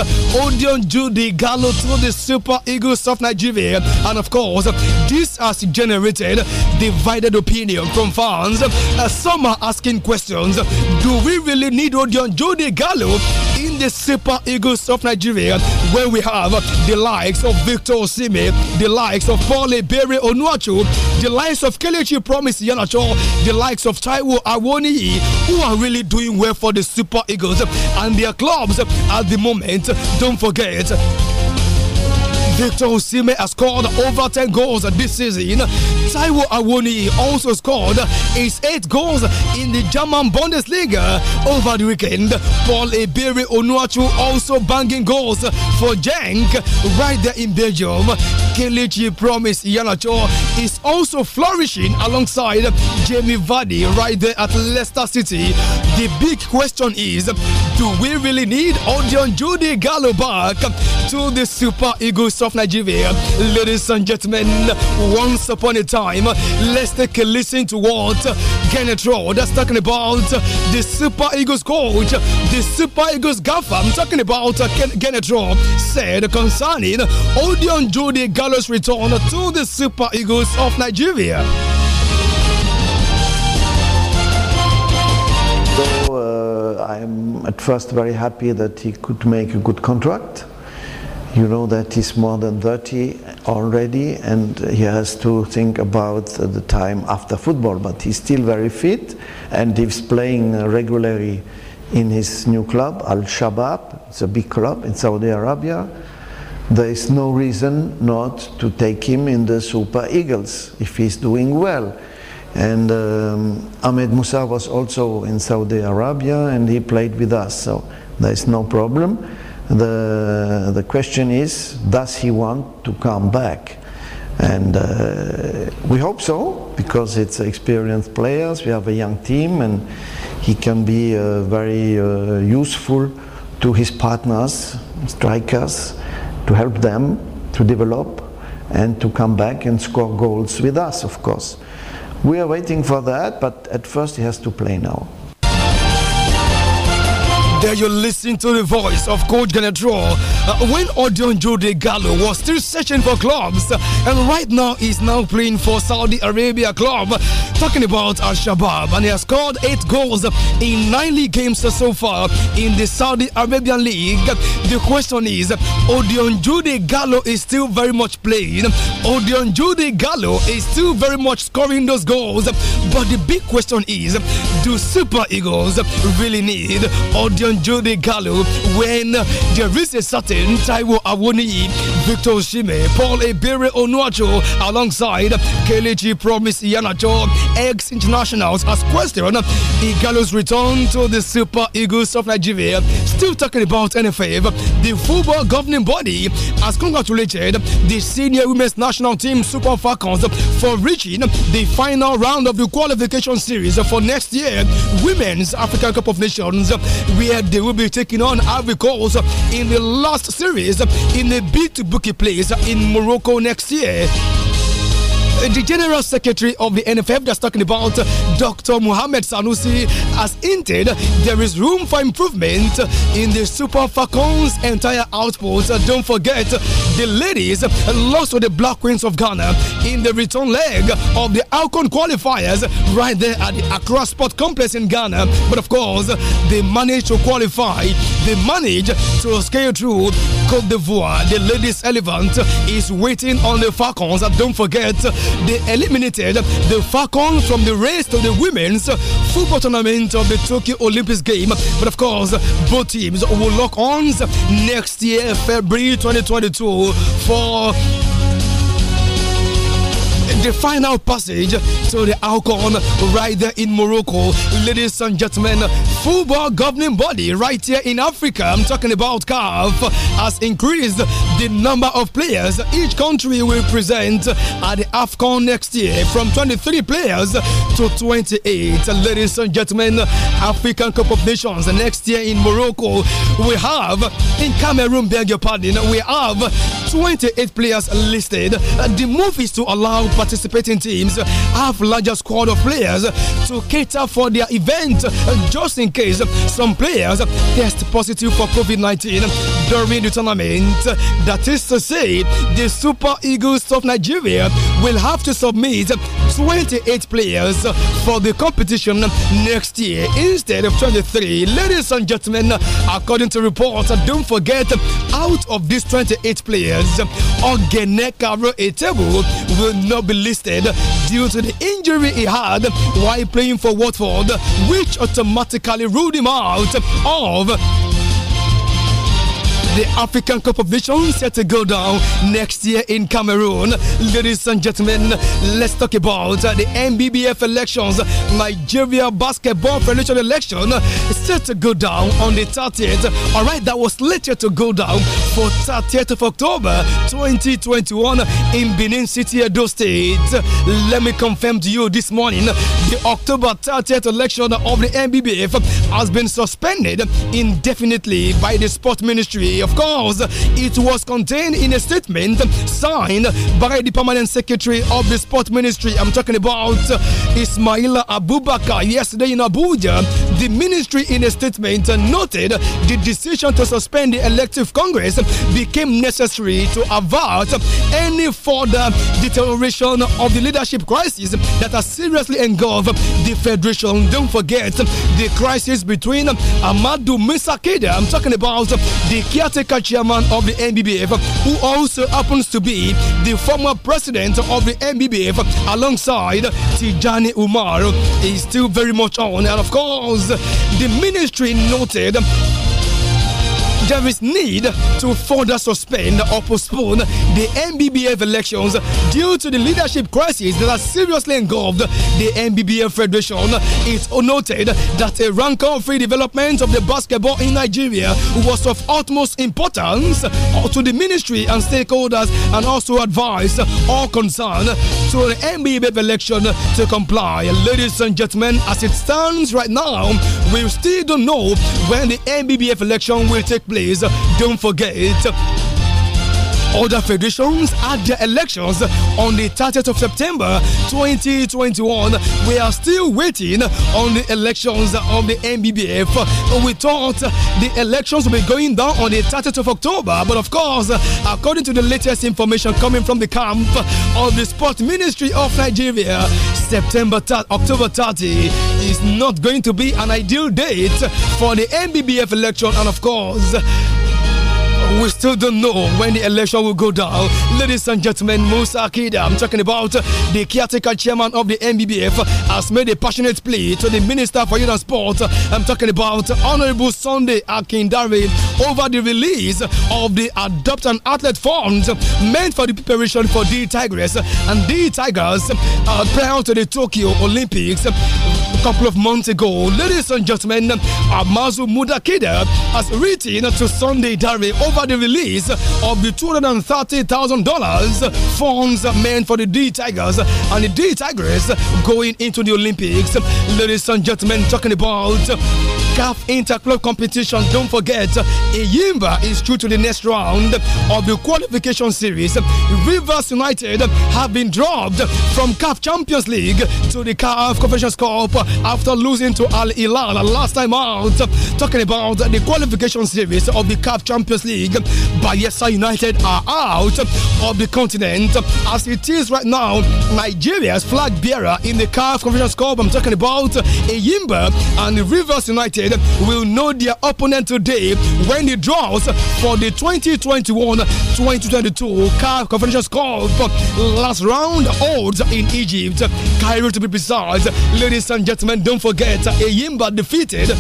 Odion Judy Gallo to the Super Eagles of Nigeria. And of course, this has generated divided opinion from fans. Uh, some are asking questions Do we really need Odion Judy Gallo in the Super Eagles of Nigeria where we have the likes of Victor Osimi, the likes of Paul Ebere Onuachu, the likes of Kelechi Promise Yanacho, the likes of Taiwo Awoniyi, who are really doing well for the Super Eagles and their clubs at the moment. Don't forget. Victor Osime has scored over 10 goals this season. Taiwo Awoni also scored his 8 goals in the German Bundesliga over the weekend. Paul Ebere Onuachu also banging goals for Genk right there in Belgium. Kelechi Promise Ianacho is also flourishing alongside Jamie Vardy right there at Leicester City. The big question is do we really need Odion Judy Gallo back to the Super Eagles of Nigeria? Ladies and gentlemen, once upon a time, let's take a listen to what Kenneth is talking about the Super Eagles coach, the Super Eagles gaffer. I'm talking about uh, Kenneth said concerning Odion Judy Gallo's return to the Super Eagles of Nigeria. uh, I'm at first very happy that he could make a good contract. You know that he's more than 30 already and he has to think about the time after football, but he's still very fit and he's playing regularly in his new club, Al Shabab. It's a big club in Saudi Arabia. There is no reason not to take him in the Super Eagles if he's doing well. And um, Ahmed Musa was also in Saudi Arabia and he played with us, so there is no problem. The, the question is, does he want to come back? And uh, we hope so, because it's experienced players, we have a young team, and he can be uh, very uh, useful to his partners, strikers, to help them to develop and to come back and score goals with us, of course. We are waiting for that, but at first he has to play now. There you listen to the voice of Coach Genetro uh, when Odion Jode Gallo was still searching for clubs, uh, and right now he's now playing for Saudi Arabia club. Talking about Al Shabab, and he has scored eight goals in nine league games so far in the Saudi Arabian League. The question is, Odion Jude Gallo is still very much playing. Odion Jude Gallo is still very much scoring those goals. But the big question is, do Super Eagles really need Odion Jude Gallo when there is a certain Martin, Taiwo Awoniyi, Victor Oshime, Paul Ebere Onuacho, alongside Kelechi Promise Ianacho, ex-internationals as question Igalo's return to the Super Eagles of Nigeria. Still talking about NFF, the football governing body has congratulated the senior women's national team Super Falcons for reaching the final round of the qualification series for next year Women's African Cup of Nations, where they will be taking on Ivory in the last Series in a bid to book a place in Morocco next year. Uh, the General Secretary of the NFF that's talking about uh, Dr. Mohamed Sanusi has hinted there is room for improvement in the Super Falcons' entire output. Uh, don't forget, the ladies lost to the Black Queens of Ghana in the return leg of the Alcon qualifiers right there at the Accra Sport Complex in Ghana. But of course, they managed to qualify. They managed to scale through Cote d'Ivoire. The ladies' elephant is waiting on the Falcons. Don't forget, they eliminated the Falcons from the race to the women's football tournament of the Tokyo Olympics game. But of course, both teams will lock on next year, February 2022, for the final passage to the Alcon right there in Morocco. Ladies and gentlemen, football governing body right here in Africa, I'm talking about CAF, has increased the number of players each country will present at the AFCON next year from 23 players to 28. Ladies and gentlemen, African Cup of Nations next year in Morocco, we have in Cameroon, beg your pardon, we have 28 players listed. The move is to allow participating teams have larger squad of players to cater for their event just in case some players test positive for COVID-19 during the tournament. That is to say, the Super Eagles of Nigeria will have to submit 28 players for the competition next year instead of 23. Ladies and gentlemen, according to reports, don't forget, out of these 28 players, Ogenekaru Etebu will not be listed due to the injury he had while playing for Watford, which automatically ruled him out of the African Cup of Nations set to go down next year in Cameroon. Ladies and gentlemen, let's talk about the MBBF elections. Nigeria Basketball Federation election set to go down on the 30th. All right, that was slated to go down for 30th of October 2021 in Benin City, Edo State. Let me confirm to you this morning the October 30th election of the MBBF has been suspended indefinitely by the Sport Ministry of course, it was contained in a statement signed by the permanent secretary of the sport ministry. I'm talking about Ismail Abubakar yesterday in Abuja the ministry, in a statement, noted the decision to suspend the elective Congress became necessary to avert any further deterioration of the leadership crisis that has seriously engulfed the Federation. Don't forget the crisis between Amadou Misakida. I'm talking about the caretaker chairman of the NBBF, who also happens to be the former president of the NBBF alongside Tijani Umar, is still very much on. And of course, the ministry noted there is need to further suspend or postpone the MBBF elections due to the leadership crisis that has seriously engulfed the MBBF Federation. It's noted that a rancor free development of the basketball in Nigeria was of utmost importance to the ministry and stakeholders and also advised all concerned to the MBBF election to comply. Ladies and gentlemen, as it stands right now, we still don't know when the MBBF election will take place please don't forget other federations had their elections on the 30th of September 2021. We are still waiting on the elections of the MBBF. We thought the elections will be going down on the 30th of October, but of course, according to the latest information coming from the camp of the Sport Ministry of Nigeria, September 30, October 30 is not going to be an ideal date for the MBBF election, and of course, we still don't know when the election will go down. Ladies and gentlemen, Musa Akida, I'm talking about the caretaker chairman of the MBBF, has made a passionate plea to the Minister for Youth and Sport. I'm talking about Honorable Sunday Akindare over the release of the Adopt an Athlete Fund meant for the preparation for the Tigers and the Tigers uh, prior to the Tokyo Olympics couple of months ago. Ladies and gentlemen, Amazu Mudakida has written to Sunday Diary over the release of the $230,000 funds meant for the D Tigers and the D Tigers going into the Olympics. Ladies and gentlemen, talking about CAF Interclub competition, don't forget, Iyimba is through to the next round of the qualification series. Rivers United have been dropped from CAF Champions League to the CAF Confessions Cup after losing to Al Hilal last time out. Talking about the qualification series of the CAF Champions League, Bayesa United are out of the continent as it is right now. Nigeria's flag bearer in the CAF Conference Cup, I'm talking about Eyimba and Rivers United will know their opponent today when the draws for the 2021-2022 CAF Conference Cup last round odds in Egypt, Cairo to be precise, ladies and gentlemen statement. Don't forget, Ayimba defeated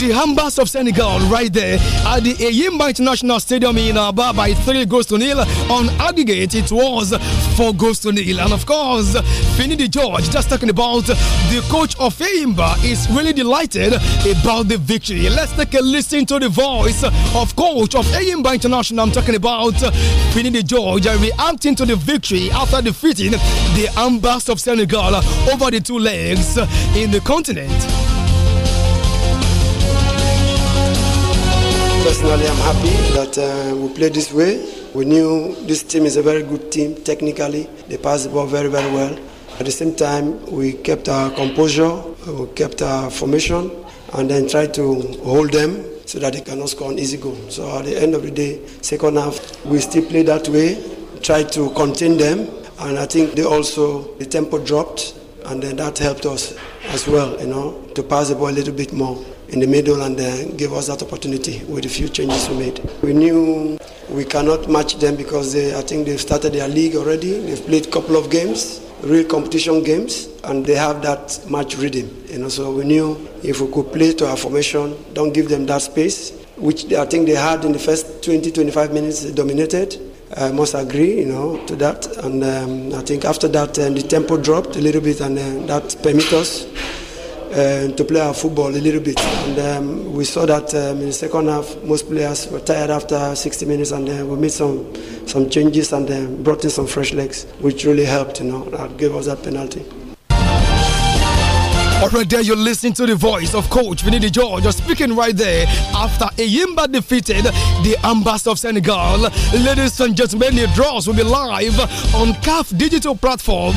the Ambas of Senegal right there at the Ayimba International Stadium in Aba by three goals to nil. On aggregate, it was four goals to nil. And of course, Finidi George, just talking about the coach of Ayimba, is really delighted about the victory. Let's take a listen to the voice of coach of Ayimba International. I'm talking about Finidi George reacting to the victory after defeating the Ambas of Senegal over the two legs in the continent. Personally, I'm happy that uh, we played this way. We knew this team is a very good team technically. They passed the ball very, very well. At the same time, we kept our composure, uh, we kept our formation, and then tried to hold them so that they cannot score an easy goal. So at the end of the day, second half, we still play that way, tried to contain them, and I think they also, the tempo dropped, and then that helped us as well, you know, to pass the ball a little bit more in the middle and uh, gave us that opportunity with the few changes we made. We knew we cannot match them because they, I think they've started their league already. They've played a couple of games, real competition games, and they have that match rhythm. You know, so we knew if we could play to our formation, don't give them that space, which I think they had in the first 20, 25 minutes dominated. I must agree, you know, to that. And um, I think after that, um, the tempo dropped a little bit, and uh, that permit us and to play our football a little bit. And um, we saw that um, in the second half, most players were tired after 60 minutes, and uh, we made some some changes and uh, brought in some fresh legs, which really helped. You know, that gave us that penalty. All right, there you are listening to the voice of Coach Vinny George. You're speaking right there after Ayimba defeated the ambassador of Senegal. Ladies and gentlemen, the draws will be live on CAF digital platform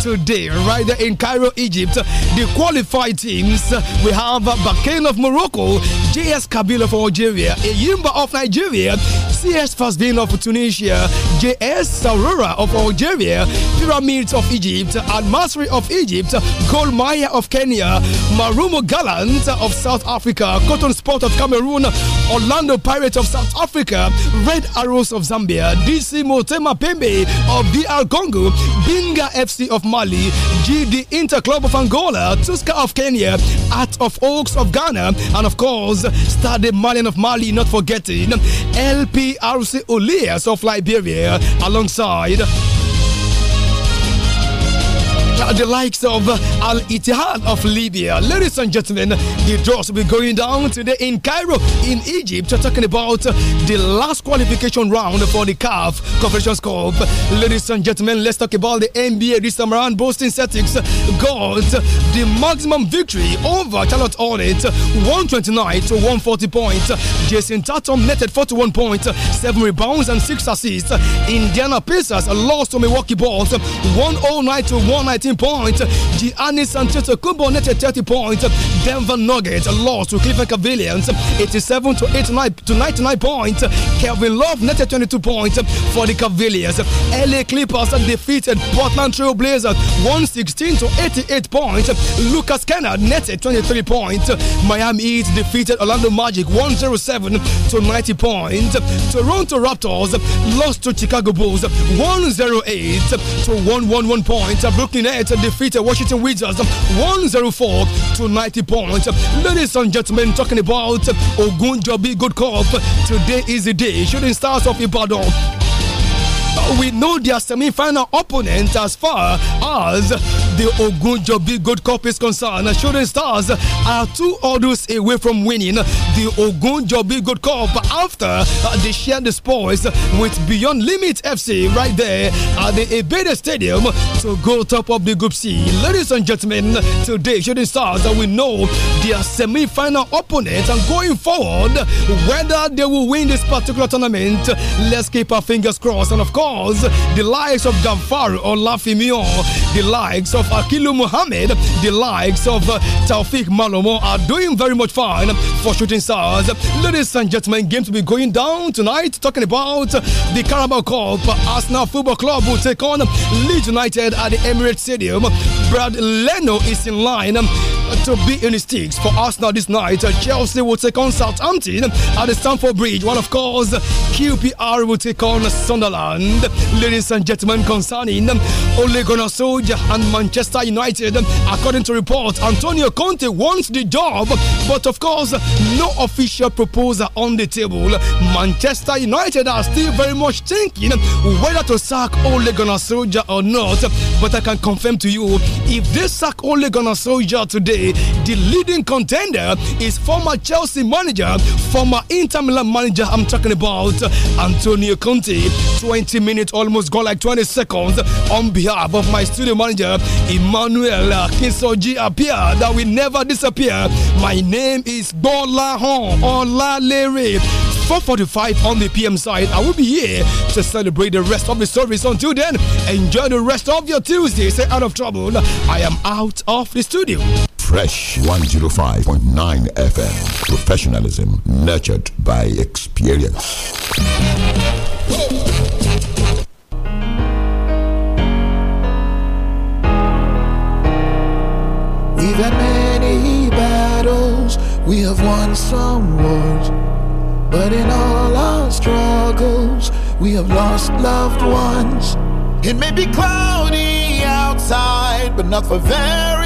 today, right there in Cairo, Egypt. The qualified teams we have Bakane of Morocco, JS Kabila of Algeria, Ayimba of Nigeria, CS Fasbin of Tunisia, J.S. Aurora of Algeria, Pyramids of Egypt, and Masri of Egypt, Gold Maya of Kenya, Marumo Gallant of South Africa, Cotton Sport of Cameroon, Orlando Pirates of South Africa, Red Arrows of Zambia, DC Motema Pembe of DR Congo, Binga FC of Mali, GD Inter Club of Angola, Tuska of Kenya, Art of Oaks of Ghana, and of course, Stade Malian of Mali, not forgetting LPRC Olias of Liberia alongside the likes of uh, Al Ittihad of Libya. Ladies and gentlemen, the draws will be going down today in Cairo, in Egypt. We're Talking about uh, the last qualification round for the CAF Confederations Cup. Ladies and gentlemen, let's talk about the NBA this time around. Boston Celtics got the maximum victory over Charlotte Hornets, 129 to 140 points. Jason Tatum netted 41 points, seven rebounds and six assists. Indiana Pacers lost to Milwaukee Bulls, 109 to 119. 19 points. Giannis Antetokounmpo netted 30 points. Denver Nuggets lost to Cleveland Cavaliers 87 to 89 to 99 points. Kevin Love netted 22 points for the Cavaliers. LA Clippers defeated Portland Trail Blazers 116 to 88 points. Lucas Kennard netted 23 points. Miami Heat defeated Orlando Magic 107 to 90 points. Toronto Raptors lost to Chicago Bulls 108 to 111 points. Brooklyn Jets defeated Washington Wizards 104 to 90 points. Ladies and gentlemen, talking about Ogunjobi good Cup. Today is the day. Shooting stars of Ibadan we know their semi-final opponent as far as the Ogunjobi Gold Cup is concerned. Shooting Stars are two orders away from winning the Ogunjobi Gold Cup after they share the spoils with Beyond Limit FC right there at the Ebede Stadium to go top of the Group C. Ladies and gentlemen, today Shooting Stars we know their semi-final opponent and going forward whether they will win this particular tournament. Let's keep our fingers crossed and of course the likes of Damfar Olafimion, the likes of Akilu Muhammad, the likes of uh, Taufik Malomo are doing very much fine for shooting stars. Ladies and gentlemen, game to be going down tonight. Talking about the Carabao Cup, Arsenal Football Club will take on Leeds United at the Emirates Stadium. Brad Leno is in line to be in the sticks for Arsenal this night. Uh, Chelsea will take on Southampton at the Stamford Bridge, while of course QPR will take on Sunderland. Ladies and gentlemen, concerning Ole Gunnar Solskjaer and Manchester United, according to reports, Antonio Conte wants the job, but of course, no official proposal on the table. Manchester United are still very much thinking whether to sack Ole Gunnar Solskjaer or not, but I can confirm to you if they sack Ole Gunnar Solskjaer today today. The leading contender is former Chelsea manager, former Inter Milan manager, I'm talking about Antonio Conte. 20 minutes almost gone like 20 seconds on behalf of my studio manager, Emmanuel Kinsoji appear that will never disappear. My name is Bola Hon Olalere. 4.45 on the PM side. I will be here to celebrate the rest of the service. Until then, enjoy the rest of your Tuesday. Stay out of trouble. I am out of the studio. Fresh 105.9 FM. Professionalism nurtured by experience. We've had many battles, we have won some wars. But in all our struggles, we have lost loved ones. It may be cloudy outside, but not for very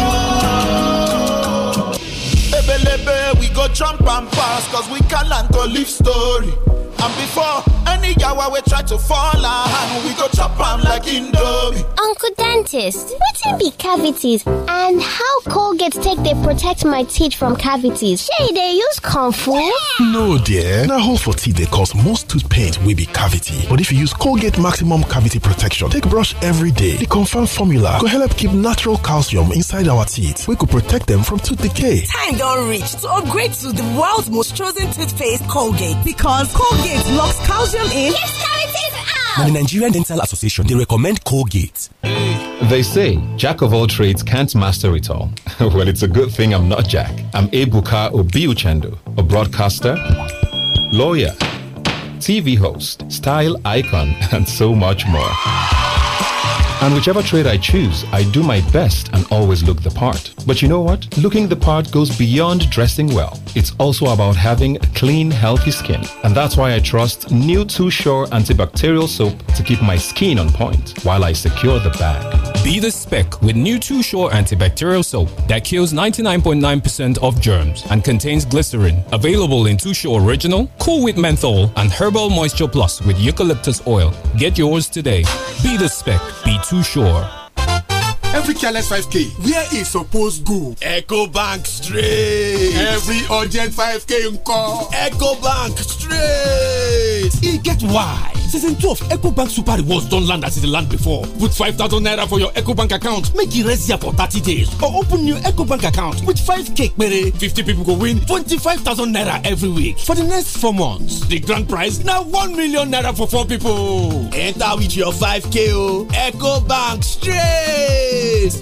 Baby, we go jump and pass, cause we can learn to live story. And before any hour we try to fall and we go chop like indomie. Uncle Dentist, wetin be cavities and how Colgate take they protect my teeth from cavities? Say they use use comfort? No dear, Now, hold for teeth they cause most tooth pain will be cavity. But if you use Colgate maximum cavity protection take brush every day, the confirmed formula could help keep natural calcium inside our teeth We could protect them from tooth decay. Time don't reach to upgrade to the world's most chosen toothpaste Colgate because Colgate Colgate locks calcium in. Yes, now the Nigerian Dental Association, they recommend Colgate. They say Jack of all trades can't master it all. well, it's a good thing I'm not Jack. I'm Ebuka Obiuchendo, a broadcaster, lawyer, TV host, style icon, and so much more. And whichever trade I choose, I do my best and always look the part. But you know what? Looking the part goes beyond dressing well. It's also about having a clean, healthy skin. And that's why I trust new Too Sure antibacterial soap to keep my skin on point while I secure the bag. Be the spec with new Too Short antibacterial soap that kills 99.9% of germs and contains glycerin. Available in Too Short Original, Cool with Menthol, and Herbal Moisture Plus with eucalyptus oil. Get yours today. Be the spec. Be Too Sure. every careless 5k is supposed to go Bank straight every urgent 5k call. Echo Bank straight It get why season twelve ecobank super rewards don land as e dey land before put five thousand naira for your ecobank account make e rest there for thirty days or open new ecobank account with five k pere fifty people go win twenty-five thousand naira every week for the next four months the grand prize na one million naira for four people. enter with your five k o ecobank straight.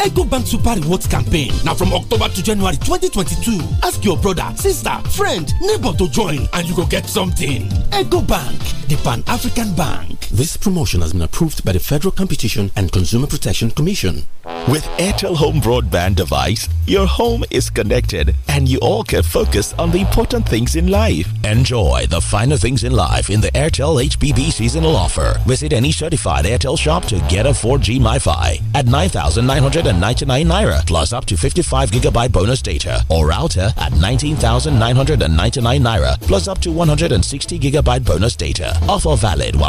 ecobank super rewards campaign na from october to january twenty twenty-two ask your brother sister friend neighbor to join and you go get something ecobank the pan-african Bank. This promotion has been approved by the Federal Competition and Consumer Protection Commission. With Airtel Home Broadband device, your home is connected and you all can focus on the important things in life. Enjoy the finer things in life in the Airtel HBB seasonal offer. Visit any certified Airtel shop to get a 4G MiFi at 9,999 Naira plus up to 55 gigabyte bonus data or router at 19,999 Naira plus up to 160 gigabyte bonus data. Offer valid while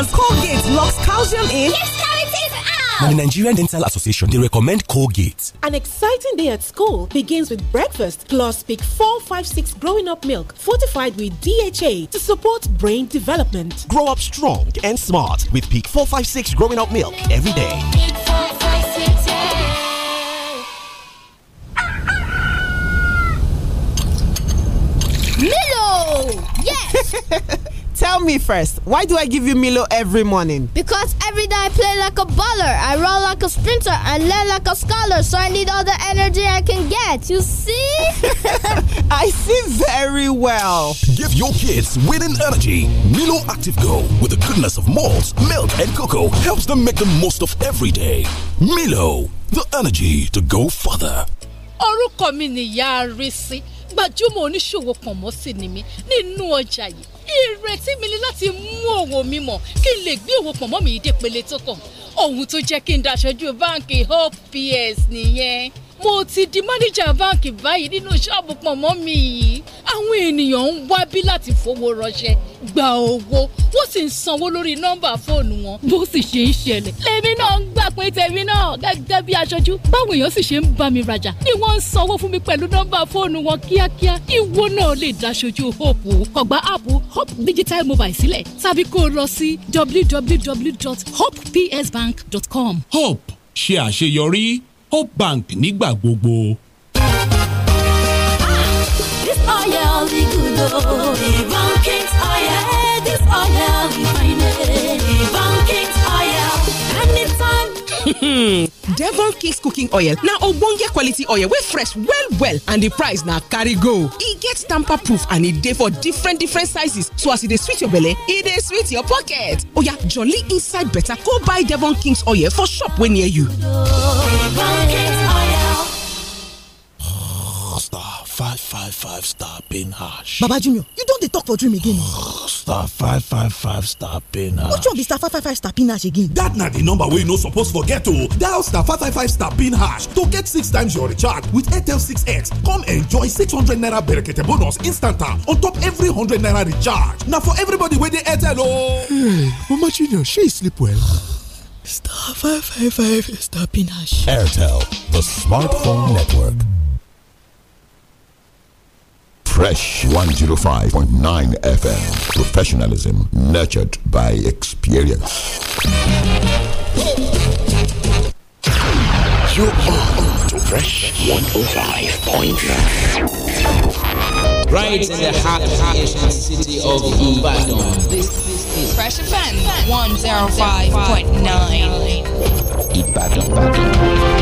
because Colgate locks calcium in. Yes, the Nigerian Dental Association, they recommend Colgate. An exciting day at school begins with breakfast plus Peak 456 growing up milk fortified with DHA to support brain development. Grow up strong and smart with Peak 456 growing up milk every day. Milo! Yes! tell me first, why do I give you Milo every morning? Because every day I play like a baller, I run like a sprinter, and learn like a scholar, so I need all the energy I can get. You see? I see very well. Give your kids winning energy. Milo Active Go, with the goodness of malt, milk, and cocoa, helps them make the most of every day. Milo, the energy to go further. gbajúmọ̀ oníṣòwò pọ̀nmọ́ sì ni mí nínú ọjà yìí ìrètí mi ni láti mú òwò mi mọ̀ kí n lè gbé òwò pọ̀nmọ́ mi dé pele tó kàn ohun tó jẹ́ kí n daṣojú báǹkì hope ps nìyẹn mo ti di mánìjà báǹkì báyìí nínú ṣọ́ọ̀bù pọ̀nmọ́ mi yìí àwọn ènìyàn ń wá bí láti fowó rọṣẹ́ gba owó wọ́n sì ń sanwó lórí nọ́mbà fóònù wọn bó sì ṣe ń ṣẹlẹ̀. lèmi náà ń gbà pé tèmi náà gẹ́gẹ́ bí aṣojú báwọn èèyàn sì ṣe ń bá mi rajà ni wọ́n ń sanwó fún mi pẹ̀lú nọ́mbà fóònù wọn kíákíá ìwọ náà lè daṣojú hope kọgbà app hope digital mobile sílẹ̀ tàbí kó o lọ sí www.hopepsbank.com. hope ṣe àṣeyọrí Hope Bank nígbà gbogbo. Ah, this oil e good o ìbọn kings oil this oil good. Hmm. devon king's cooking oil na ogbonge quality oil wey fresh well well and di price na carry go e get tamper proof and e dey for different different sizes so as e dey sweet your belle e dey sweet your pocket oya jolly inside better go buy devon king's oil for shop wey near you five five five star being harsh, baba junior you don dey talk for dream again. star five five five star pin hash. which one be star five five five star being harsh again. dat na di number wey you no suppose forget o oh. dial star five five five star being harsh to get six times your recharge with airtel 6x come enjoy six hundred naira berekete bonus instant on top every hundred naira recharge na for everybody wey dey airtel o. Oh. Hey, mama junior shey you sleep well. star five five five star being harsh. airtel the smartphone network. Fresh 105.9 FM. Professionalism nurtured by experience. You are on to Fresh 105.9. Right in the heart of the city of Ibadan. This is Fresh FM 105.9. Ibadan.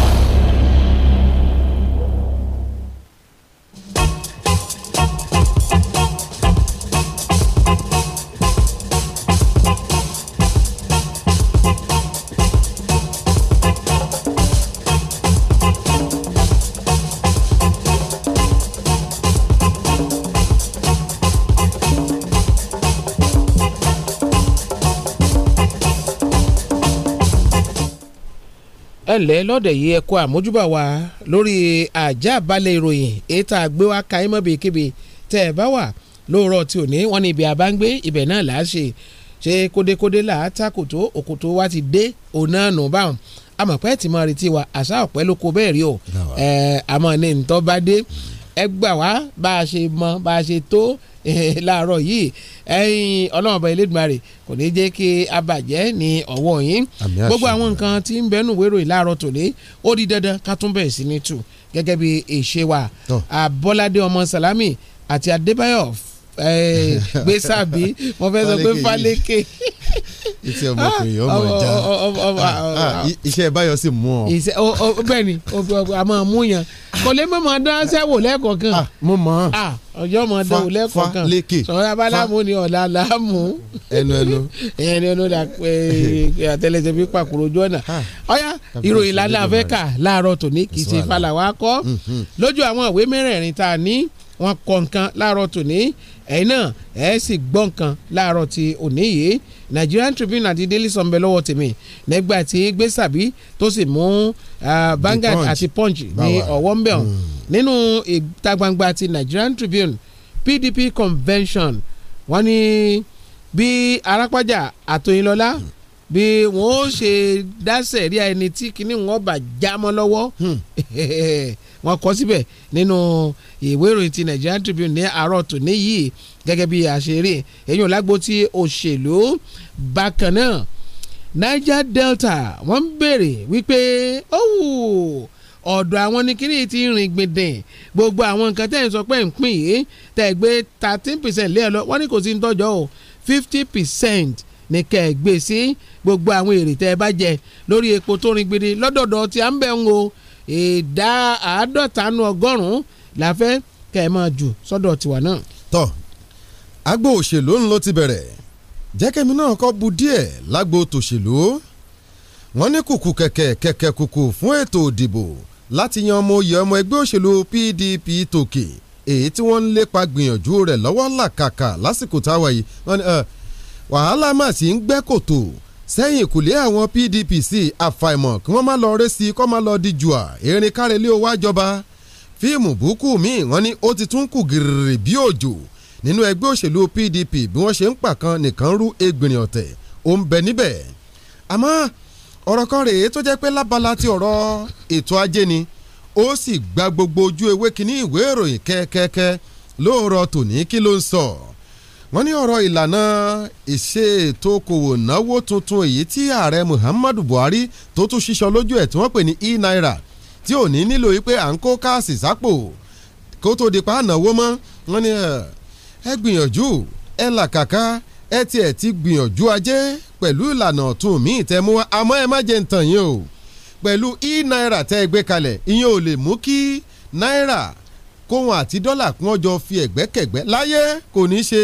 ẹ̀lẹ́ lọ́dẹ̀ yìí ẹ̀kọ́ àmójúbà wa lórí àjà balẹ̀ ìròyìn ètò àgbéwá káyémọ́bì kíbi tẹ́ ẹ bá wà lóòrọ̀ tí ò ní wọ́n ní ibi àbángbé ibẹ̀ náà là á ṣe ṣe kódekóde là á tákòtó òkòtó wa ti dé òun náà nù báwọn amọ̀pẹ́ ti mọ retí wa àṣà ọ̀pẹ́ ló kó bẹ́ẹ̀ rí o àmọ́ ní ntọ́ bá dé ẹ gbà wá bá a ṣe mọ bá a ṣe tó láàárọ̀ yìí ẹ̀yin ọlọ́run ọba elédùnmarè kò ní jẹ́ kí a bàjẹ́ ní ọwọ́ yín gbogbo àwọn nǹkan tí ń bẹnu wérò ìlàárọ̀ tòní ó di dandan ká tún bẹ̀rẹ̀ sí ní tù gẹ́gẹ́ bí ìṣe wa Abọ́ládé ọmọ Sàlámì àti Adébáyọ̀ gbèsàbí eh, mo fẹ́ sọ pé Fálékè iṣẹ́ ọmọkùnrin yóò mọ̀ já iṣẹ́ báyọ̀ sì mú ọ. bẹ́ẹ̀ ni àmọ́ àmúyàn kò lè mọ̀mọ́ dánṣẹ́ wò lẹ́ẹ̀kọ̀kan. Ah, mo mọ̀ ọ́n ah, ọjọ́ mọ̀ dánwò lẹ́ẹ̀kọ̀kan sọ̀rọ̀ abáláàmú ni ọ̀la láàmú. ẹnu ẹnu. ẹnu ẹnu la àtẹlẹsẹ fi pàkúrò ojú ọ̀nà. Ah. ọ̀yá ìròyìn lálẹ́ afẹ́kà láàárọ̀ tòní kì í ṣe falà wá kọ́ mm-hmm. lójú àwọn ìwé mẹ́rẹ̀ẹ̀rin tá a ní wọ́n kọ nǹkan láàárọ̀ tòní ẹ̀yin náà ẹ̀ sì gbọ́ nǹkan láàárọ̀ ti òní yìí Nigerian Tribune àti Daily Sun bẹ lọ́wọ́ tèmi nígbà tí gbèsàbí tó sì mú Vanguard àti Punch ní ọ̀wọ́ ńbẹ̀ hàn hmm. nínú ìta gbangba ti Nigerian Tribune PDP convention wọ́n ní bí Arápájà àtòyìnlọ́lá hmm. bí wọ́n ó ṣe dá sẹ̀ríà ẹni tí kinní wọn bá já mọ́ lọ́wọ́ hmm. wọ́n kọ síbẹ̀ nínú ìwé ìròyìn ti Nigerian Tribune ní àárọ̀ tòní yìí gẹ́gẹ́ bí àṣírí èyí ò lágbo òṣèlú bákan náà Niger Delta wọ́n ń béèrè wípé ọ́wù ọ̀dọ̀ àwọn ní kíní ti rìn gbìndín gbogbo àwọn nǹkan tẹ́ ẹ̀ ń sọ pé ń pín yìí tẹ́ thirteen percent lé ẹ lọ wọ́n ní kò sí ń tọ́jọ́ o fifty percent ní kẹ́ ẹ gbé sí gbogbo àwọn èrè tẹ́ ẹ bá jẹ lórí epo tó rìn gbìndín lọ́dọ̀dọ̀ tí à ń bẹ̀ ń o ìdá àádọ́ta nu ọgọ́rùn-ún la fẹ́ kẹ́ ẹ máa jù sọ́dọ̀ tiwa náà. tọ́ agbo òṣèlú ń lo ti bẹ̀rẹ̀ jẹ́kẹ́mi náà kọ́ bu díẹ̀ lágbo tòṣèlú wọ́n ní kùkù kẹ̀kẹ́ kẹ̀kẹ́ kùkù fún ètò òdìbò láti yan ọmọ oyè ọmọ ẹgbẹ́ òṣèlú PDP tòkè èyí tí wọ́n ń lépa gbìyànjú rẹ̀ lọ́wọ́ làkàkà lásìkò táwa yìí wọ́n ní wàhálà mà sí ń gbẹ́ kòtò sẹ́yìn kùlé àwọn PDP sí àfàìmọ̀ kí wọ́n má lọ ré sí kọ́ má lọ di jùà erin kárẹ́lé owó àjọba fíìmù búkú míì wọ́n ní ó ti tún kù gìrì bí òjò nínú ẹgbẹ́ òṣèlú PDP bí wọ́n ṣe ń pàkan nìkan rú egbìnrin ọ̀tẹ̀ ó ń bẹ níbẹ̀ àmọ́ ọ̀rọ̀ kan rèé tó jẹ́ pé lábala ti ọ̀rọ̀ ètò ajé ni ó sì gba gbogbo ojú ewé kínní ìwé ìròyìn kẹ́kẹ́kẹ́ lóòrọ̀ tòní kí ló ń sọ. So wọ́n ní ọ̀rọ̀ ìlànà ìṣe ètò okòwò náwó tuntun èyí tí ààrẹ Muhammadu Buhari tó tún ṣíṣọ lójú ẹ̀ tí wọ́n pè ní e-naira tí ò ní nílò wípé à ń kó káàsì sápò kó tó di pa ànáwó mọ́ wọ́n ní ẹ gbìyànjú ẹ làkàkà ẹ tiẹ̀ ti gbìyànjú ajé pẹ̀lú ìlànà ọ̀tun mi ìtẹ̀mú àmọ́ ẹ má jẹ́ ń tàn yín o pẹ̀lú e-naira tẹ́ ẹ gbé kalẹ̀ ìyẹn ò lè mú kí náírà kóhun àti dọ́là kún ọjọ́ fi ẹ̀gbẹ́kẹ̀gbẹ́ láyé kò ní ṣe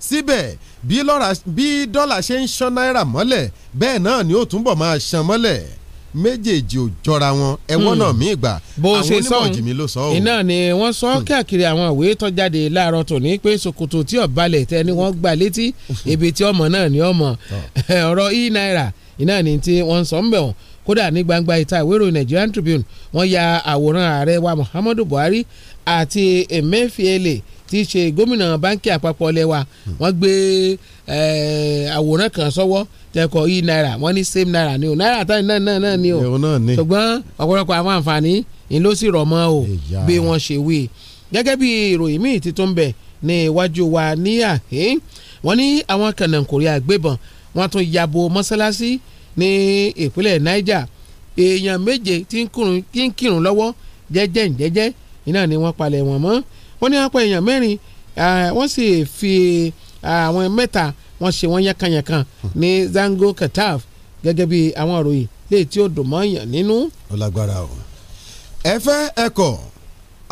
síbẹ̀ bí dọ́là ṣe ń ṣán náírà mọ́lẹ̀ bẹ́ẹ̀ náà ni ó túnbọ̀ máa ṣán mọ́lẹ̀ méjèèjì ò jọra wọn ẹwọ́n hmm. náà mí ìgbà àwọn onímọ̀ jìmí ló sọ ọ́. iná ni wọ́n sọ hmm. káàkiri àwọn ìwé tó jáde láàárọ̀ tòní pé ṣòkòtò tí ó balẹ̀ tẹ́ ni wọ́n gbà létí ibi tí ọmọ náà ni ọmọ ọ̀rọ̀ e náírà iná ni tí wọ́n sọ ń bẹ̀ wọ́n kódà ní gbangba ìta ìwé Nigerian Tribune wọ́n ya àwòrán ààrẹ wa Muhammadu Buhari àti Emefiele eh, tí í ṣe gómìnà báńkì àpapọ̀ lẹ́wà hmm. wọ́n gbé àwòrán kan sọ́wọ́ tẹ́kọ̀ yìí náírà wọ́n ní same náírà ni o náírà táyì náà náà náà ni o ṣùgbọ́n ọ̀pọ̀lọpọ̀ àwọn àǹfààní ni ló sì rọ̀ mọ́ o bí wọ́n ṣe wí gẹ́gẹ́ bí ìròyìn míì ti tún bẹ̀ ní iwájú wa níyà wọ́n ní àwọn kànáńkòrí àgbébọn wọ́n tún yabo mọ́sálásí ní ìpínlẹ̀ Niger èèyàn méje tí ń kírun lọ́wọ́ jẹ́jẹ́ jẹ́jẹ́ iná ni wọ́n palẹ̀ wọ́n mọ́ wọ́n ní apá èèyàn mẹ́rin wọ́n sì fi àwọn mẹ́ta wọ́n ṣe wọ́n yánkanyankan ní Zango Kataf gẹ́gẹ́ bí àwọn òròyìn lè tí ó dùn mọ́yàn nínú. ó lágbára o ẹ fẹ́ ẹ kọ̀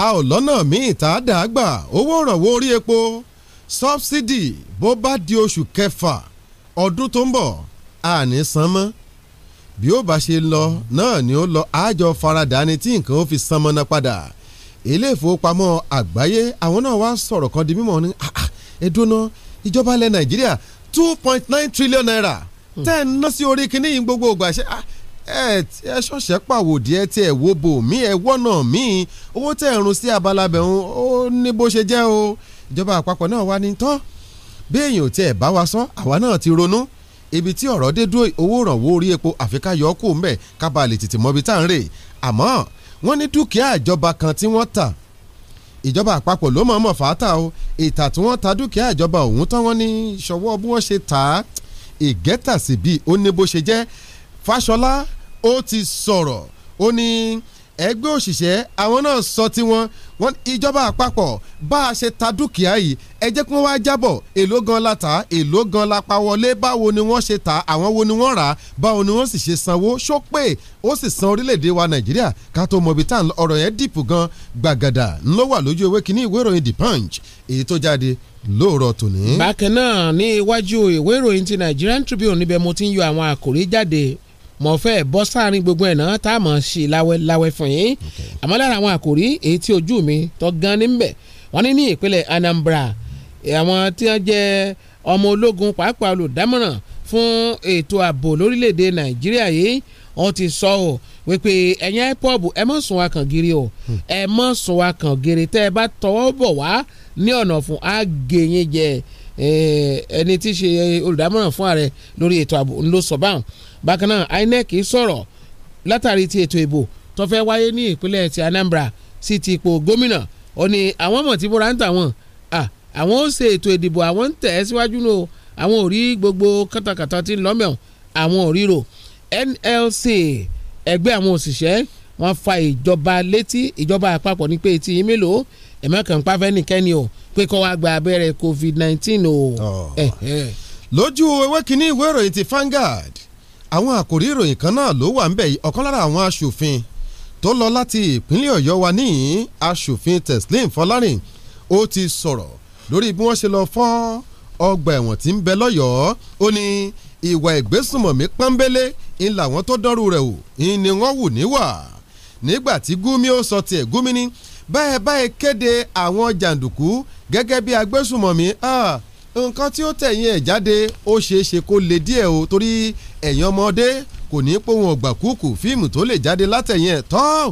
a ò lọ́nà míì tá a dà á gbà owó ìrànwọ́ orí epo sọ́bsidì bó bá di oṣù kẹfà ọdún tó ń bọ̀ àní san mọ́ bí ó bá ṣe lọ náà ni ó lọ àjọ faradà ni tí nǹkan ó fi san mọ́ná padà ilé ìfowópamọ́ àgbáyé àwọn náà wá sọ̀rọ̀ kan di mímọ̀ ní ah, ah, ẹ̀dọ́nà ìjọba ilẹ̀ nàìjíríà two point nine trillion naira hmm. tẹ́ ẹ̀ ń ná sí orí kínní yìí gbogbo ògbà ṣe ah, ẹ ẹ ṣọ̀ṣẹ́ pàwòdì ẹ tí ẹ wo bò mí ẹ wọ́nà mí owó tẹ̀ ń run sí abala bẹ̀rùn ó ní bó ṣe jẹ́ o ìjọba àpapọ̀ náà wá ní tán bí èèyàn tí ẹ bá wa sọ àwa náà ti ronú ibi tí ọ̀rọ̀ dé dúró owó ìrànwọ́ orí epo àfi yọ ọ́ kù ń bẹ̀ ká tá à ń rè àmọ́ wọ́n ní dúkìá ìjọba kan tí wọ́n tà ìjọba àpapọ̀ ló mọ̀ọ́mọ̀ fàátà o ìtà tí wọ́n ta dúkìá ìjọba ọ̀hún tán wọ́n ní ṣọwọ́ bí wọ́n ṣe tà á ìgẹ́tà sí bíi ó ní bó ṣe jẹ́ Fáṣọlá ó ti sọ̀rọ̀ ó ní ẹgbẹ́ òṣìṣẹ́ àwọn náà sọ tiwọn wọ́n ìjọba àpapọ̀ bá a ṣe ta dúkìá yìí ẹ jẹ́ kí wọ́n wá jábọ̀ èló gan la ta èló gan la pa wọlé báwo ni wọ́n ṣe ta àwọn wo ni wọ́n rà báwo ni wọ́n sì ṣe sanwó ṣó ó sì san orílẹ̀-èdè wa nàìjíríà ká tó mọ̀ bí tán ọ̀rọ̀ yẹn dìpọ̀ gan gbàgàdà ló wà lójú ewé kínní ìwé ìròyìn the punch èyí tó jáde lóòrọ̀ tòní. bákan náà ní iwájú ìwé ìròyìn ti Nigerian Tribune níbẹ̀ mo ti ń yọ àwọn àkòrí jáde mọ̀ fẹ́ bọ́ sáàrin gbogbo ẹ̀ náà tá a mọ̀ ṣe láwẹ́ láwẹ́ fún yín àmọ́ lára àwọn àkòrí èyí tí ojú mi tó gan níbẹ̀ wọ́n ní ní ìpínlẹ̀ Anambra àwọn tí wọ́n jẹ́ ọmọ ológun pàápàá olùdámọ̀ràn fún ètò ààbò lórílẹ̀‐èdè Nàìjíríà yìí wọ́n ti sọ ọ́ wípé ẹ̀yin IPOB ẹ mọ̀ sùn wa kàn gírí o hmm. ẹ mọ̀ sùn wa kàn gírí tẹ́ ẹ bá tọwọ́ bọ̀ wá ní ọ̀nà fún àgẹ̀yìn jẹ ẹni tí í ṣe olùdámọ̀ràn fún ààrẹ lórí ètò ààbò ńlọ sọ báwọn bákan náà INEC sọ̀rọ̀ látàrí ti ètò ìbò tó fẹ́ wáyé ní ìpínlẹ̀ ti Anambra sí ti ipò gómìnà ó ní àwọn mọ̀ tí bóra ń tà wọ́n àwọn ó ṣe ètò ìdìbò àwọn ń tẹ̀ ẹ́ síwájú nù àwọn ò rí gbogbo kàtàkàtà tí ń lọ́mọ̀ àwọn ò ríro NLC ẹgbẹ́ àwọn òṣìṣẹ́ wọ́n fa ìjọba létí ìjọba àpapọ̀ ní pé etí yín mélòó ẹ̀mọ́ kan pàfẹ́ nìkẹ́ni o pé kọ́ wa gba abẹ́rẹ́ covid nineteen o. lójú ewé kínní ìwé ìròyìn ti Vanguard àwọn àkòrí ìròyìn kan náà ló wà ńbẹ̀ yìí ọ̀kan lára àwọn aṣòfin tó lọ láti ìpínlẹ̀ ọ̀yọ́ wa níyìn aṣòfin teslim fọlárìn ó ti sọ̀rọ̀ lórí bí wọ́n ṣe lọ fọ́ ọgbà ẹ̀wọ̀n tí ń bẹ lọ́yọ̀ọ́ ó ní ìwà ìgbésùnmọ̀mí pọ́nbélé ń làwọn tó dọ́rù rẹ̀ wò ń ni wọ́n wù níwà nígbà tí gúmi ó sọ tiẹ̀ gúmi ní báyẹ̀ báyẹ̀ kéde àwọn jàǹdùkú gẹ́gẹ́ bí agbésùnmọ̀mí ah, nǹkan tí ó tẹ̀yìn ẹ̀ jáde ó ṣeé ṣe kó le díẹ̀ o torí ẹ̀yìn ọmọdé kò ní í pohùn ọ̀gbà kúkú fíìmù tó lè jáde látẹ̀yìn ẹ̀ tán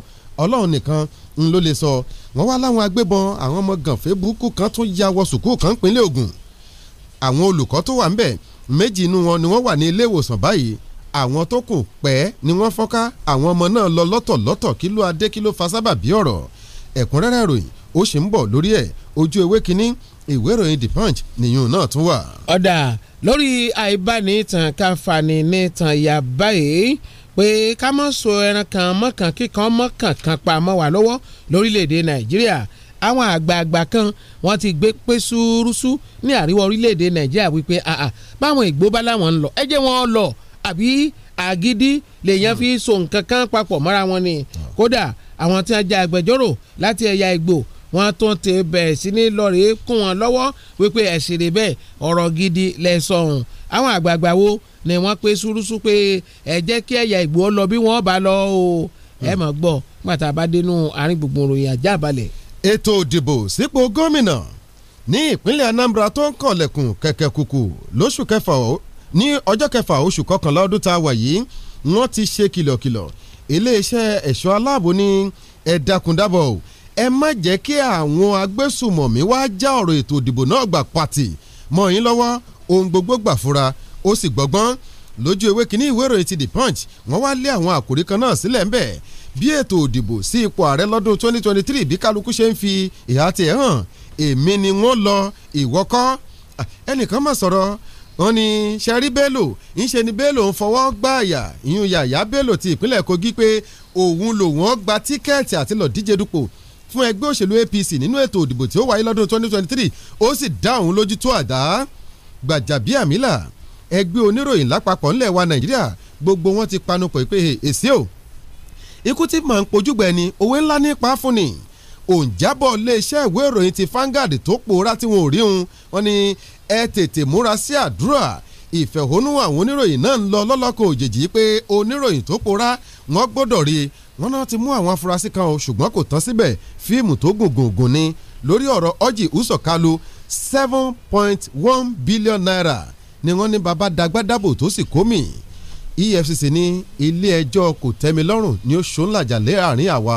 ọlọ́run nìkan ń ló lè sọ wọ́n wá láwọn agbébọn àwọn ọmọ gànfẹ́ burúkú kan tún ya wọ sùkúù kan pínlẹ̀ Ògùn àwọn olùkọ́ tó wà ńbẹ̀ méjì inú wọn ni wọ́n wà ní ilé ìwòsàn báyìí àwọn tó kù pẹ́ ni wọ́n fọ́nká àwọn ọmọ náà lọ lọ́tọ̀lọ́tọ̀ kí ló adé kí ló fa sábàbí ọ̀rọ̀ ẹ̀kúnrẹ́rẹ́ ròyìn ó sì ń bọ̀ lórí ẹ̀ ojú ewé kínní ìwé ìròyìn the punch nìyẹn náà tún wà. ọ̀dà lórí àìbánitàn káfani nìtàn yà báyìí pé ká mọ̀ so ẹran kan mọ́kàn kíkan mọ́kàn kan pa mọ́ wà lọ́wọ́ lórílẹ̀‐èdè nàìjíríà àwọn àgbààgbà kan wọ́n ti gbé pé ṣúrúṣú ní àríwá orílẹ̀‐èdè nàìjíríà wípé àà báwọn ìgbó bá láwọn ń lọ ẹ jẹ́ wọn lọ àbí àgídí lèèyàn fi so nǹkan kan papọ̀ mọ́ra wọn ni hmm. kódà àwọn tí wọ́n jẹ́ agbẹjọ́rò láti ẹ̀yà ìgbò wọ́n tún ti bẹ̀rẹ̀ sí ní lọ́ọ̀rẹ́ kún wọn lọ́wọ́ wípé ẹ̀sìn rẹ̀ bẹ́ẹ̀ ọ̀rọ̀ gidi lẹ́sọ̀hún àwọn àgbààgbà wo ni wọ́n pe súrúsú pé ẹ jẹ́ kí ẹ̀yà Ìgbò lọ bí wọ́n bá lọ o ẹ hmm. mọ̀ gbọ́ pàtà bá dénú àárín gbùngbùn ròyìn ajá balẹ̀. ètò ìdìbò sípò gómìnà ní ìpínlẹ̀ Anambra tó ń kànlẹ̀kùn kẹ̀kẹ́ kùkù lóṣù kẹfà ní ọjọ́ kẹfà oṣù kọkànlá ọdún tá a wà yìí wọ́n ti ṣe kìlọ̀kìlọ̀ iléeṣẹ́ ẹ̀ṣọ́ aláàbò ní ẹ ẹ má jẹ́ kí àwọn agbésùmọ̀mí wá já ọ̀rọ̀ ètò ìdìbò náà gbà pàtì mọ́ yín lọ́wọ́ ohun gbogbo gbà fura ó sì gbọ́gbọ́n lójú ewé kínní ìwé ìròyìn ti the punch wọ́n wá lé àwọn àkòrí kan náà sílẹ̀ ńbẹ̀ bí ètò òdìbò sí ipò ààrẹ lọ́dún 2023 bí kálukú ṣe ń fi ìhà tiẹ̀ hàn èmi ni wọ́n lọ ìwọ́kọ́ ẹnìkan mà sọ̀rọ̀ wọ́n ní sẹ́rí bello ńṣe ni bello ń fọwọ́ gbààyà ìyún yàyà bello ti ìpínlẹ̀ kogi pé òun lòun gba tíkẹ́ẹ̀tì àti lọ́ọ́ díje dupò fún ẹgbẹ́ òṣèlú APC nínú ètò òdìbò tí ó wáyé lọ́dún 2023 ó sì dá òun lójú tó àdá Gbàjàbíàmílà ẹgbẹ́ oníròyìn lápapọ̀ ńlẹ̀ wa Nàìjíríà gbogbo wọn ti panupọ̀ pé èsì o ikú tí mò ń pojúgbẹ ni owó ńlá nípa fún ni òǹjábọ̀ iléeṣẹ́ ìwé ìròyìn ti Vanguard tó pòórá tí wọn ò rí hun wọn ni ẹ tètè múra sí àdúrà ìfẹ̀hónú àwọn oníròyìn náà ń lọ lọ́lọ́kọ̀ òjèjì pé oníròyìn tó pòórá wọn gbọ́dọ̀ rí i lọ́nà ti mú àwọn afurasí kan o ṣùgbọ́n kò tán síbẹ̀ fíìmù tó gògògò ni lórí ọ̀rọ̀ Orji Usor seven point one billion naira ni wọ́n ní baba dagbadabo tó sì kó mi EFCC ní ilé ẹjọ́ kò tẹ́mi lọ́rùn ni ó ṣòǹlàjà lé àárín àwa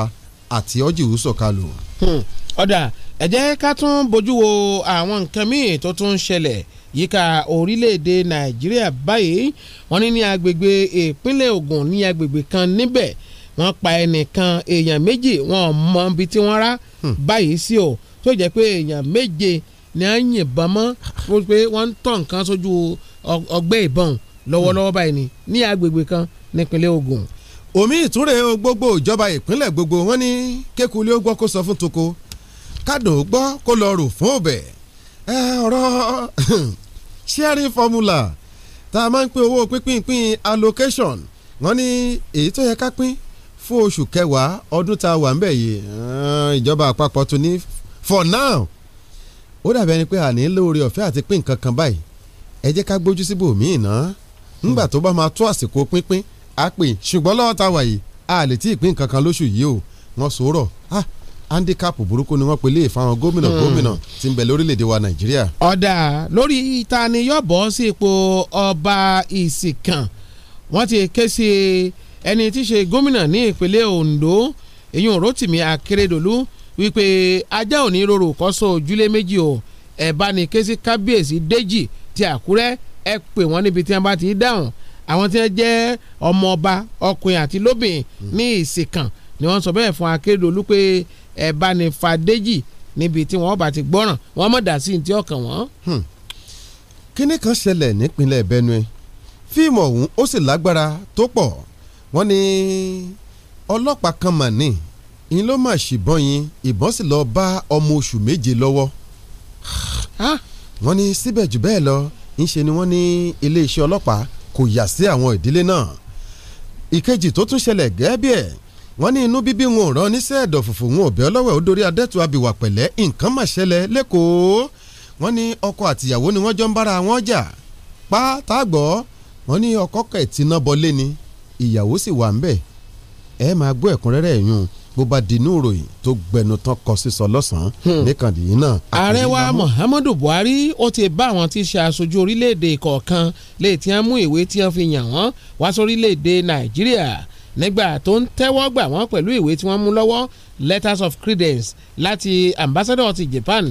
àti Orji Usor Kalu. Hmm. ọ̀dà ẹ jẹ́ ká tún bójú wo àwọn nǹkan míì tó tún ń ṣẹlẹ̀ yíká orílẹ̀-èdè nàìjíríà báyìí wọ́n ní ní agbègbè ìpínlẹ̀ Ògùn ní agbègbè kan níbẹ̀ wọ́n pa ẹnìkan èèyàn méjì wọn ò mọ ibi tí wọ́n rá hmm. báyìí sí o tó jẹ́ pé èèyàn méje ni à ń yìnbọn mọ́ ó pé wọ́n ń tọ̀ nǹkan sójú ọgbẹ́ ìbọn lọ́wọ́lọ́wọ́ hmm. báyìí ni ní agbègbè kan nípínlẹ̀ Ògùn. omi ìtúre gbogbo ìjọba ìpínlẹ̀ gbogbo wọn ní kékulé ó gbọ́ kó sọ fún toko kádùn ó gbọ́ kó lọ rò fún ọbẹ̀ ọ̀rọ̀ sharing formula tá a máa ń pín owó pínpín allocation wọ́n ni èyí tó yẹ ká pín fún oṣù kẹwàá ọdún tá a wà ń yìí ìjọba àpapọ̀ tún ní for now ó dàbí ẹni pé àní lóore ọ̀fẹ́ àti pín nǹkan kan báyìí ẹ jẹ́ ká gbójú síbò míì ná nígbà tó bá máa tó àsìkò pínpín á pè ṣùgbọ́n lọ́wọ́ tá a wà yìí a lè tí ì pín nǹkan kan lóṣù yìí o wọ́n sọ̀rọ̀ ah handicap burúkú ni wọ́n pe lè fáwọn gómìnà hmm. gómìnà tí ń bẹ lórílẹ̀‐èdè wa nàìjíríà. ọ̀dà lórí ìta ni yóò bọ́ sí ipò ọba ìsìnkàn wọ́n ti ké sí i ẹni tí í ṣe gómìnà ní ìpínlẹ̀ Ondo èyí ò Rotimi Akeredolu wípé ajá ò ní rorò kọ́sọ́ ojúlé méjì o ẹ̀ bá ní ké sí kábíyèsí Déjì ti Àkúrẹ́ ẹ pè wọ́n níbi tí wọ́n bá ti dáhùn àwọn tí wọ́n jẹ́ ọmọọba ọkùnrin àti lóbìn ní ìsìnkàn ni wọ́n sọ bẹ́ẹ̀ fún Akeredolu pé ẹ bá ní fa Déjì níbi tí wọ́n bá ti gbọ́ràn wọ́n mọ̀ dá sí ti ọkàn wọn. Hmm. kínní kan ṣẹlẹ̀ nípínlẹ̀ Benue fíìmù ọ̀hún ó sì lágbára tó pọ̀ wọ́n ní ọlọ́pàá kan mà ní in ló mà ṣìbọn yín ìbọn sì lọ bá ọmọ oṣù méje lọ́wọ́ wọ́n ní síbẹ̀ jù bẹ́ẹ̀ lọ ńṣe ni wọ́n ní iléeṣẹ́ ọlọ́pàá kò yà sí àwọn ìdílé náà ìkejì tó tún ṣẹlẹ̀ gẹ́ẹ́bí ẹ̀ wọ́n ní inú bíbí wọn ò rán oníṣẹ́ ẹ̀dọ̀ fùfù wọn ò bẹ́ ọlọ́wẹ̀ ó dorí adẹ́tù abìwà pẹ̀lẹ́ nǹkan mà ṣẹlẹ̀ lẹ́kọ̀ọ́ wọ́n ní ọkọ àtìyàwó ni wọ́n jọ ń bára wọn jà pátá gbọ́ wọ́n ní ọkọ kẹ̀ tí ná bọlé ni ìyàwó sì wà ń bẹ̀ ẹ máa gbọ́ ẹ̀kúnrẹ́rẹ́ ẹ̀yún bó bá di inú tó gbẹnu tán kọ sísọ lọ́sàn-án hmm. níkànnì náà. ààrẹ wa muhammadu buhari ó ti bá àwọn tí í ṣe aṣojú orílẹ̀-èdè kọ̀ọ̀kan lè ti mú ìwé tí wọ́n fi yàn wọ́n wá sórílẹ̀-èdè nàìjíríà nígbà tó ń tẹ́wọ́ gbà wọ́n pẹ̀lú ìwé tí wọ́n mú lọ́wọ́ letters of credence láti ambassador ti japan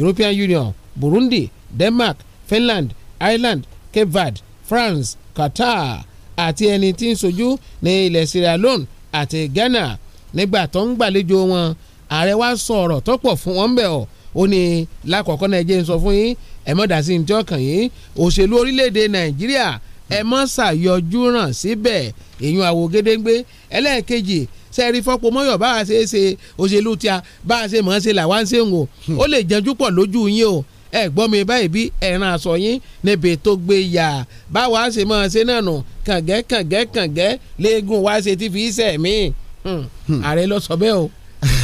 european union burundi denmark finland ireland cape verde france qatar àti ẹni tí ń sojú ní ilẹ̀ Sierra Leone àti Ghana nígbà tó ń gbàlejò wọn ààrẹ wa sọ ọ̀rọ̀ tó pọ̀ fún wọn bẹ́ẹ̀ ọ̀ ó ní lákọ̀ọ́kọ́ náà jẹ́ ń sọ fún yín ẹ mọ̀ dàsí ní tí ọkàn yín òṣèlú orílẹ̀-èdè Nàìjíríà ẹ mọ̀ ṣàyọjú ràn síbẹ̀ èyàn àwò gédéńgbé ẹlẹ́ẹ̀kejì sẹ́ẹ̀rí fọ́pọ̀ bá a ṣe é ṣe òṣèlú tíya bá a ṣe mọ̀ ọ́n ṣe làwọn ṣe ń wò hmm. ó lè jẹ́jú pọ̀ lójú yín o ẹ gbọ́ mi báyìí bí ẹ̀ràn aṣọ yín níbi tó gbé yà báwa ṣe máa ṣe náà nù kàngẹ́ kàngẹ́ kàngẹ́ léegun wa ṣe ti fi ṣẹ̀ mí hmm. Hmm. ààrẹ lọ sọ bẹ́ẹ̀ o.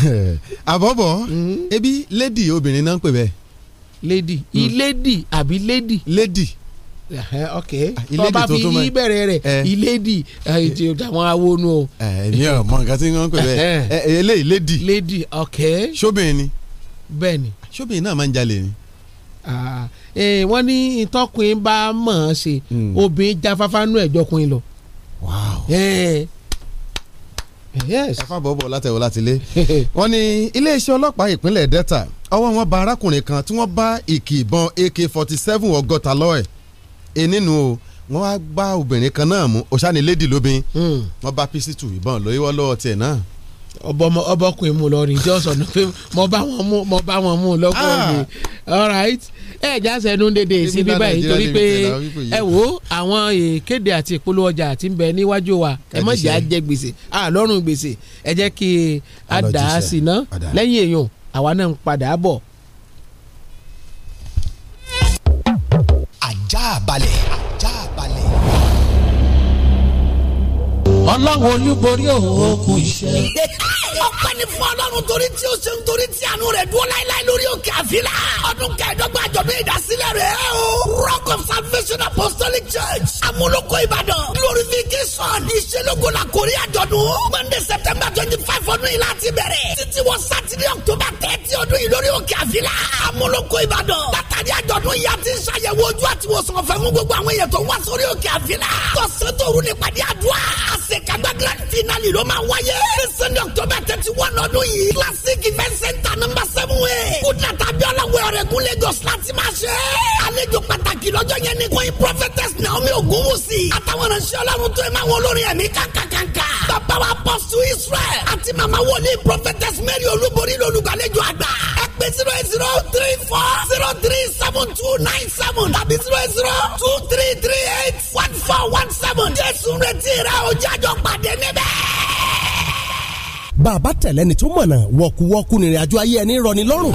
àbọ̀bọ̀ hmm. ebi lady obìnrin náà ń pè bẹ́ẹ̀. lady ilédì àbí lady. lady ok ah, tó bá fi yí bẹ̀rẹ̀ rẹ̀ eh. ilédì ètò àwọn awonu o. Eh, èmi ò mọ nǹkan tí wọ́n ń pè bẹ́ẹ̀ eh, eléyìí lady. lady ok. ṣóbìnrin ni. bẹẹni ni. ṣóbìnrin náà máa ń jalè ni. Ah, eh, wọ́n ní ìtọ́kùnrin bá mọ̀ ọ́n ṣe hmm. obìnrin jáfáfá nú ẹ̀jọkùnrin lọ. ẹ̀fà eh, eh, bọ̀bọ̀ látẹ̀wọ̀ láti lé wọ́n ní iléeṣẹ́ ọlọ́pàá ìpínlẹ̀ Delta ọwọ́ wọn bá arákùnrin kan tí wọ́n bá ìkì ìbọn AK-47 ọgọ́ta lọ́ọ̀ ẹ̀ nínú o wọ́n wá gbá obìnrin kan náà mú ọ̀sánilẹ́dì lóbin hmm. wọ́n bá písítù ìbọn lóyún lọ́wọ́ tiẹ̀ náà ọbọkùnrin mu lọ rìn jọ́sọ̀ ní pé mo bá wọn mú mo bá wọn mú lọ́kọ̀ ah. mi alright ẹ ẹ̀ já sẹ́nu dédé sí bí báyìí torí pé ẹ wo àwọn ìkéde e, àti ìpolówó ọjà àti ń bẹ níwájú wa ẹ má jẹ́ àjẹ gbèsè àlọ́run gbèsè ẹ jẹ́ kí a dà á sí ná lẹ́yìn èèyàn àwa náà ń padà bọ̀. ajá balẹ̀. ọlọ́run olúborí òun ó kú iṣẹ́. ni fún ọlọ́run torí tí ó ṣe ń torí tí àánú rẹ̀ dúró láíláí lórí òkè àfilà. ọdún kẹẹ̀dọ́gba àjọ̀dún ìdásílẹ̀ rẹ̀ o. rock of salvation apostolic church amúlòkọ ìbàdàn glorification ìṣelógo la kórí àjọ̀dún. monday september twenty five ọdún yìí láti bẹ̀rẹ̀. títí wọ sátidé october thirty ọdún yìí lórí òkè àfilà. amúlòkọ ìbàdàn látàrí àjọ̀dún yìí àti ṣàyẹ̀wò ojú àti wòsàn ọ̀fẹ́ wà lọ́dún yìí. classic event center number seven way. kúndà tàbí ọlọ́wẹ̀ ọ̀rẹ́ kún Lagos láti máa ṣe. àlejò pàtàkì lọ́jọ́ yẹn ni kóyin prophetess Naomi Ogunwusi. àtàwọn ìránṣẹ́ ọlọ́run tó ẹ máa wọn olórin ẹ̀mí kàkàkàkà. bàbá wa apostle Israel àti màmá wòlíì prophetess Mary Olúborí lolùgbàlejò àgbà. ẹ pè zero eight zero three four zero three seven two nine seven tàbí zero eight zero two three three eight one four one seven. Jésù retí rẹ̀ o jájọ́ pàdé níbẹ̀ bàbá tẹ̀lẹ́ni tó mọ̀nà wọ̀kúwọ́kú nìrìn àjò ayé ẹni rọ̀ ní lọ́rùn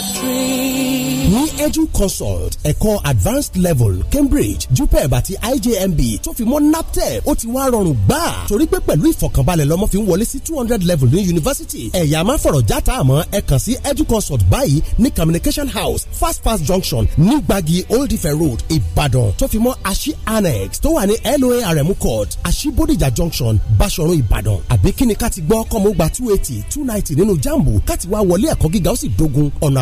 ní edu consult ẹ̀kọ́ advanced level cambridge jupeb àti ijmb tó fi mọ́ naptep ó ti wá rọrùn gbà torí pé pẹ̀lú ìfọ̀kànbalẹ̀ lọ́mọ fi ń wọlé sí two hundred level ní yunifásitì ẹ̀yà máa fọ̀rọ̀ játa àmọ́ ẹ kàn sí edu consult báyìí ní communication house fast fast junction ní gbagi old ife road ìbàdàn tó fi mọ́ aṣí annex tó wà ní loarm court aṣí bodijà junction basọ̀run ìbàdàn àbí kíni ká ti gbọ́ kọ́mọ́gbà two eighty two ninety nínú jambu ká ti wá wọlé ẹ̀kọ́ gíga ó sì dogun ọ̀nà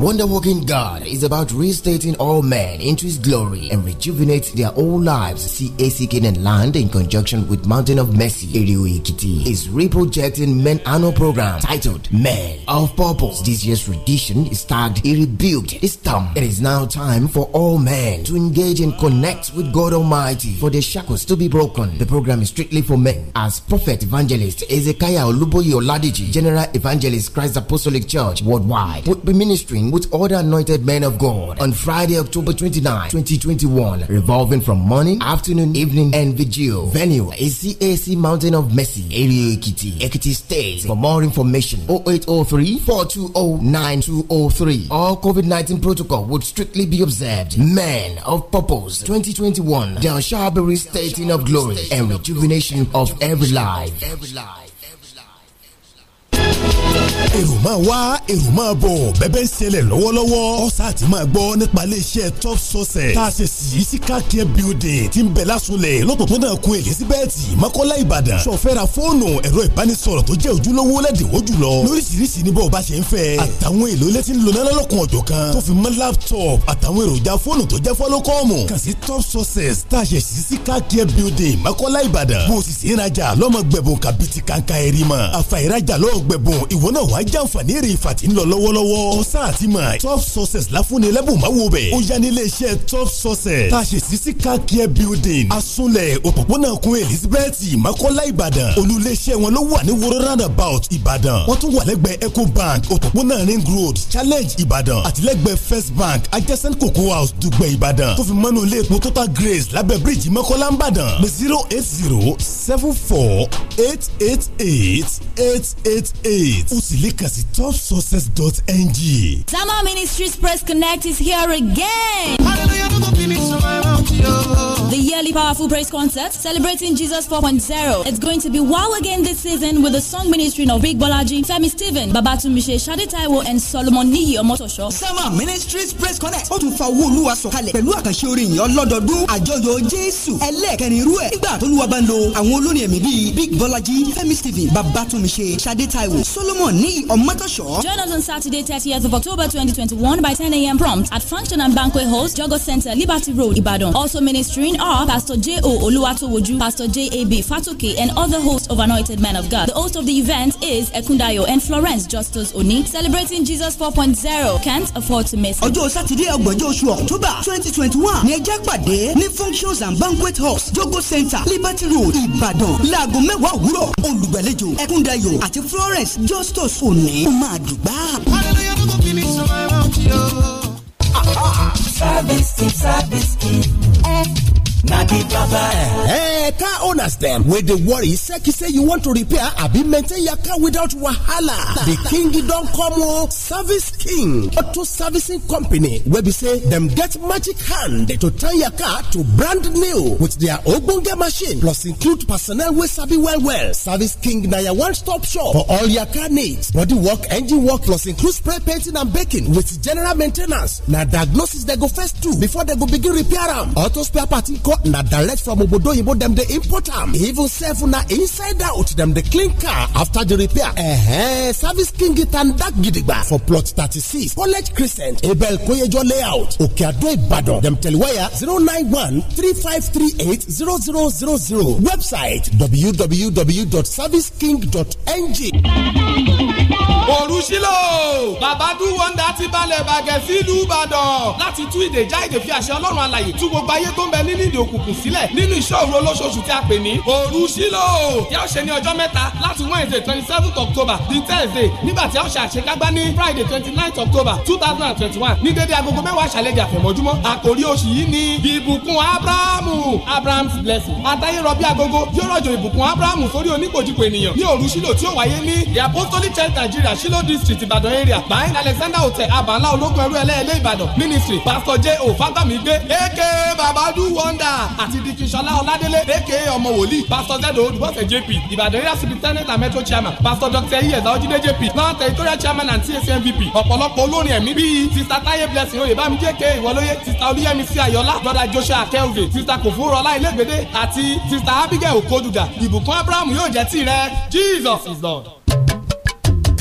wonder working God is about restating all men into His glory and rejuvenate their old lives. CAC Canaan Land, in conjunction with Mountain of Mercy, Eriwe Ekiti, is reprojecting men annual program titled Men of Purpose. This year's edition is tagged He Rebuked This time, It is now time for all men to engage and connect with God Almighty for their shackles to be broken. The program is strictly for men as Prophet Evangelist Ezekiah Oluboyi Oladiji, General Evangelist Christ Apostolic Church worldwide, would be ministering with other anointed men of God on Friday, October 29, 2021, revolving from morning, afternoon, evening, and vigil. Venue is CAC Mountain of Mercy, Area Ekiti, Ekiti State. For more information, 0803 420 All COVID 19 protocol would strictly be observed. Men of Purpose 2021, Del Sharberry Stating of Glory and Rejuvenation of Every Life. Every life. Every life. èrò máa wá èrò máa bọ̀ bẹ́bẹ́ ń ṣẹlẹ̀ lọ́wọ́lọ́wọ́ ọ̀sà àti máa gbọ́ nípa iléeṣẹ́ top sources tá a ṣe sí sika building ti ń bẹ̀ lásunlẹ̀ lọ́pọ̀pọ̀nà kun elizabeth mọ́kọ́lá ìbàdàn sọ̀fẹ́ra fóònù ẹ̀rọ ìbánisọ̀rọ̀ tó jẹ́ ojúlówó lẹ́dínwó jùlọ lóríṣiríṣi ní bọ́ọ̀ bá ṣe ń fẹ́ àtàwọn èlò ilé tí ń lò náírà lọ́kùn ọ̀jọ̀ kan tó fi mọ́ laptop àtàwọn èròjà fóònù tó jẹ́ fọ́lọ́kọ́ọ̀mù kàn sí top sources tá a ṣe sí sika building mọ́kọ́lá ìbàdàn bó o sì sí ìrajà lọ́mọ gbẹ̀bùn kàbìtì kàǹkà ẹ̀rì mọ́ àfàìrajà lọ́ọ̀ wàá jàǹfààní èrè ìfàtí ń lọ lọ́wọ́lọ́wọ́ ọ̀sán àti mọ̀ top success láfúnni ẹlẹ́bùnmáwò bẹ̀ ó yá ní iléeṣẹ́ top success tá a ṣe sí sí car care building asunlẹ̀ òpópónà kun elizabeth makola ìbàdàn olú iléeṣẹ́ wọn ló wà ní woro roundabout ìbàdàn wọ́n tún wà lẹ́gbẹ̀ẹ́ eco bank òpópónà ring road challenge ìbàdàn àtìlẹ́gbẹ̀ẹ́ first bank adjacent cocoa house dùgbẹ̀ ìbàdàn tó fi mọ́nú ilé epo total grace lábẹ́ bíríìjì makola ìbàdàn ní zero eight zero seven four eight eight eight eight eight eight ó sì lè tàbí kàn sí topsuccess.ng. Zama Ministries Press Connect is here again. The yearly Powerful Praise Concert celebrating Jesus 4.0. It's going to be wow again this season with the song ministry of Big Bolaji, Femi Steven, Babatunmise Shadetaiwo, and Solomon Niyi Omotosho. Zama Ministries Press Connect ó tún fa owó olúwa sọ̀kalẹ̀ pẹ̀lú àkànṣe orin ìyàn lọ́dọọdún àjọyọ̀ Jésù ẹlẹ́ẹ̀kẹrin irú ẹ̀ nígbà tó lúwa bá ń lo àwọn olórin ẹ̀mí bíi Big Bolaji, Femi Steven, Babatunmise Shadetaiwo, Solomon Niyi Omotosho. Join us on Saturday, 30th of October 2021 by 10 a.m. prompt at Function and Banquet Host, Jogo Center, Liberty Road, Ibadan. Also ministering are Pastor J.O. Oluwatowoju, Pastor J.A.B. Fatoke, and other hosts of Anointed Men of God. The host of the event is Ekundayo and Florence Justus Oni, celebrating Jesus 4.0. Can't afford to miss it. Ọjọ́ Sátidé ọgbọ̀njọ́ oṣù October 2021 ni ẹjẹ́ pàdé Functions and Banquet House, Jogo Center, Liberty Road, Ibadan. Láago mẹ́wàá òwúrọ̀, olùgbàlejò Ekundayo at Florence Justus Oni òní ó máa dùgbà. Ah, ah. service team service team na di baba eh car owners dem wey dey worry seki say you want to repair abi maintain your car without wahala The king don come o oh, service king auto servicing company wey be say dem get magic hand to turn your car to brand new with their ogbonge machine plus include personnel wey sabi well well service king na your one stop shop for all your car needs body work engine work plus include spray painting and baking with general maintenance na diagnosis dem go first do before dem go begin repair am auto spare parts nko na direct from obodo oyinbo dem dey import am even sef na inside out dem dey clean car after the repair -huh. service king tanda gidigba for plot thirty-six college crescent abel koyejo layout okeado ibadan dem telewire zero nine one three five three eight zero zero zero zero website www.serviceking.ng òrùsílò bàbá do ti balẹ̀ bàgẹ́ sílùú ìbàdàn láti tú ìdèjà ìdè fi àṣẹ ọlọ́run alàyè tú gbogbo ayé tó ń bẹ nínú ìdè ìkéde òkùnkùn sílẹ̀ nínú iṣẹ́ òru olóṣooṣù tí a pè ní òru sílò tí a ṣe ní ọjọ́ mẹ́ta láti wednesday twenty seven october di thursday nígbà tí a ṣe àṣekágbá ní friday twenty nine october two thousand and twenty one ní dédé agogo mẹ́wàá ṣàlẹ́jà fẹ̀mọ́júmọ́ àkòrí oṣù yìí ni ìbùkún abrahamu abraham's blessing àtàyè rọbí agogo yóò rọ̀jò ìbùkún abrahamu sórí oníkojúkọ ènìyàn ní òru sílò tí ó wáyé ní the apostolic church nigeria sílò district ìbàdàn area behind alexander hotel abanla ológun ẹrú ẹlẹ́ẹ̀lẹ́ ìbàdàn ministry pastor j o fagbamigbe aka babadu wonder choir àti dikin ṣọlá ọládélé èké ọmọ wòlíì pastor zedo olùbọ̀sẹ̀ jp ìbàdàn area superintendent and metro chairman pastor dr iyeza ojúde jp náà territorial chairman and tsc mvp ọ̀pọ̀lọpọ̀ olórin ẹ̀mí bíi sista táyé blessing oyè bámi jẹ́kẹ́ ìwọlóye sista olúyẹmí sí ayọ̀lá broda joshua kelvin sista kòfúrọ̀lá ilégbèdé àti sista abigail okoduda ìbùkún abraham yóò jẹ́ tìrẹ jesus is lord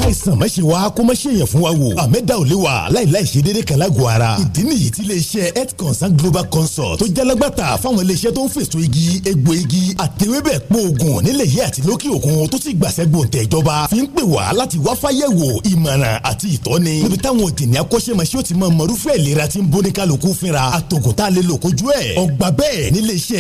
káìsàn má ṣe wá kó má ṣe yẹn fún wa wò àmẹ́dá ò lè wà láìláì ṣe déédéé kan lágọ̀ọ́ ara ìdí nìyí tí iléeṣẹ́ health consult global consult tó jalagbàtà fáwọn iléeṣẹ́ tó ń fèsò igi egbò igi àtẹwébẹ̀ pọ̀ oògùn nílẹ̀ yìí àti lókè òkun tó sì gbàṣẹ́ gbòǹtẹ̀ ìjọba fi ń pè wá láti wá fáyẹ̀wò ìmọ̀ràn àti ìtọ́ni níbi táwọn òdìní akọ́ṣẹ́mọṣẹ́ ò ti mọ mọ̀rúfẹ́ ìlera ti ń bóni kálukú fínra àtògùn tá a lè lò kojú ẹ̀ ọgbà bẹ́ẹ̀ nílé iṣẹ́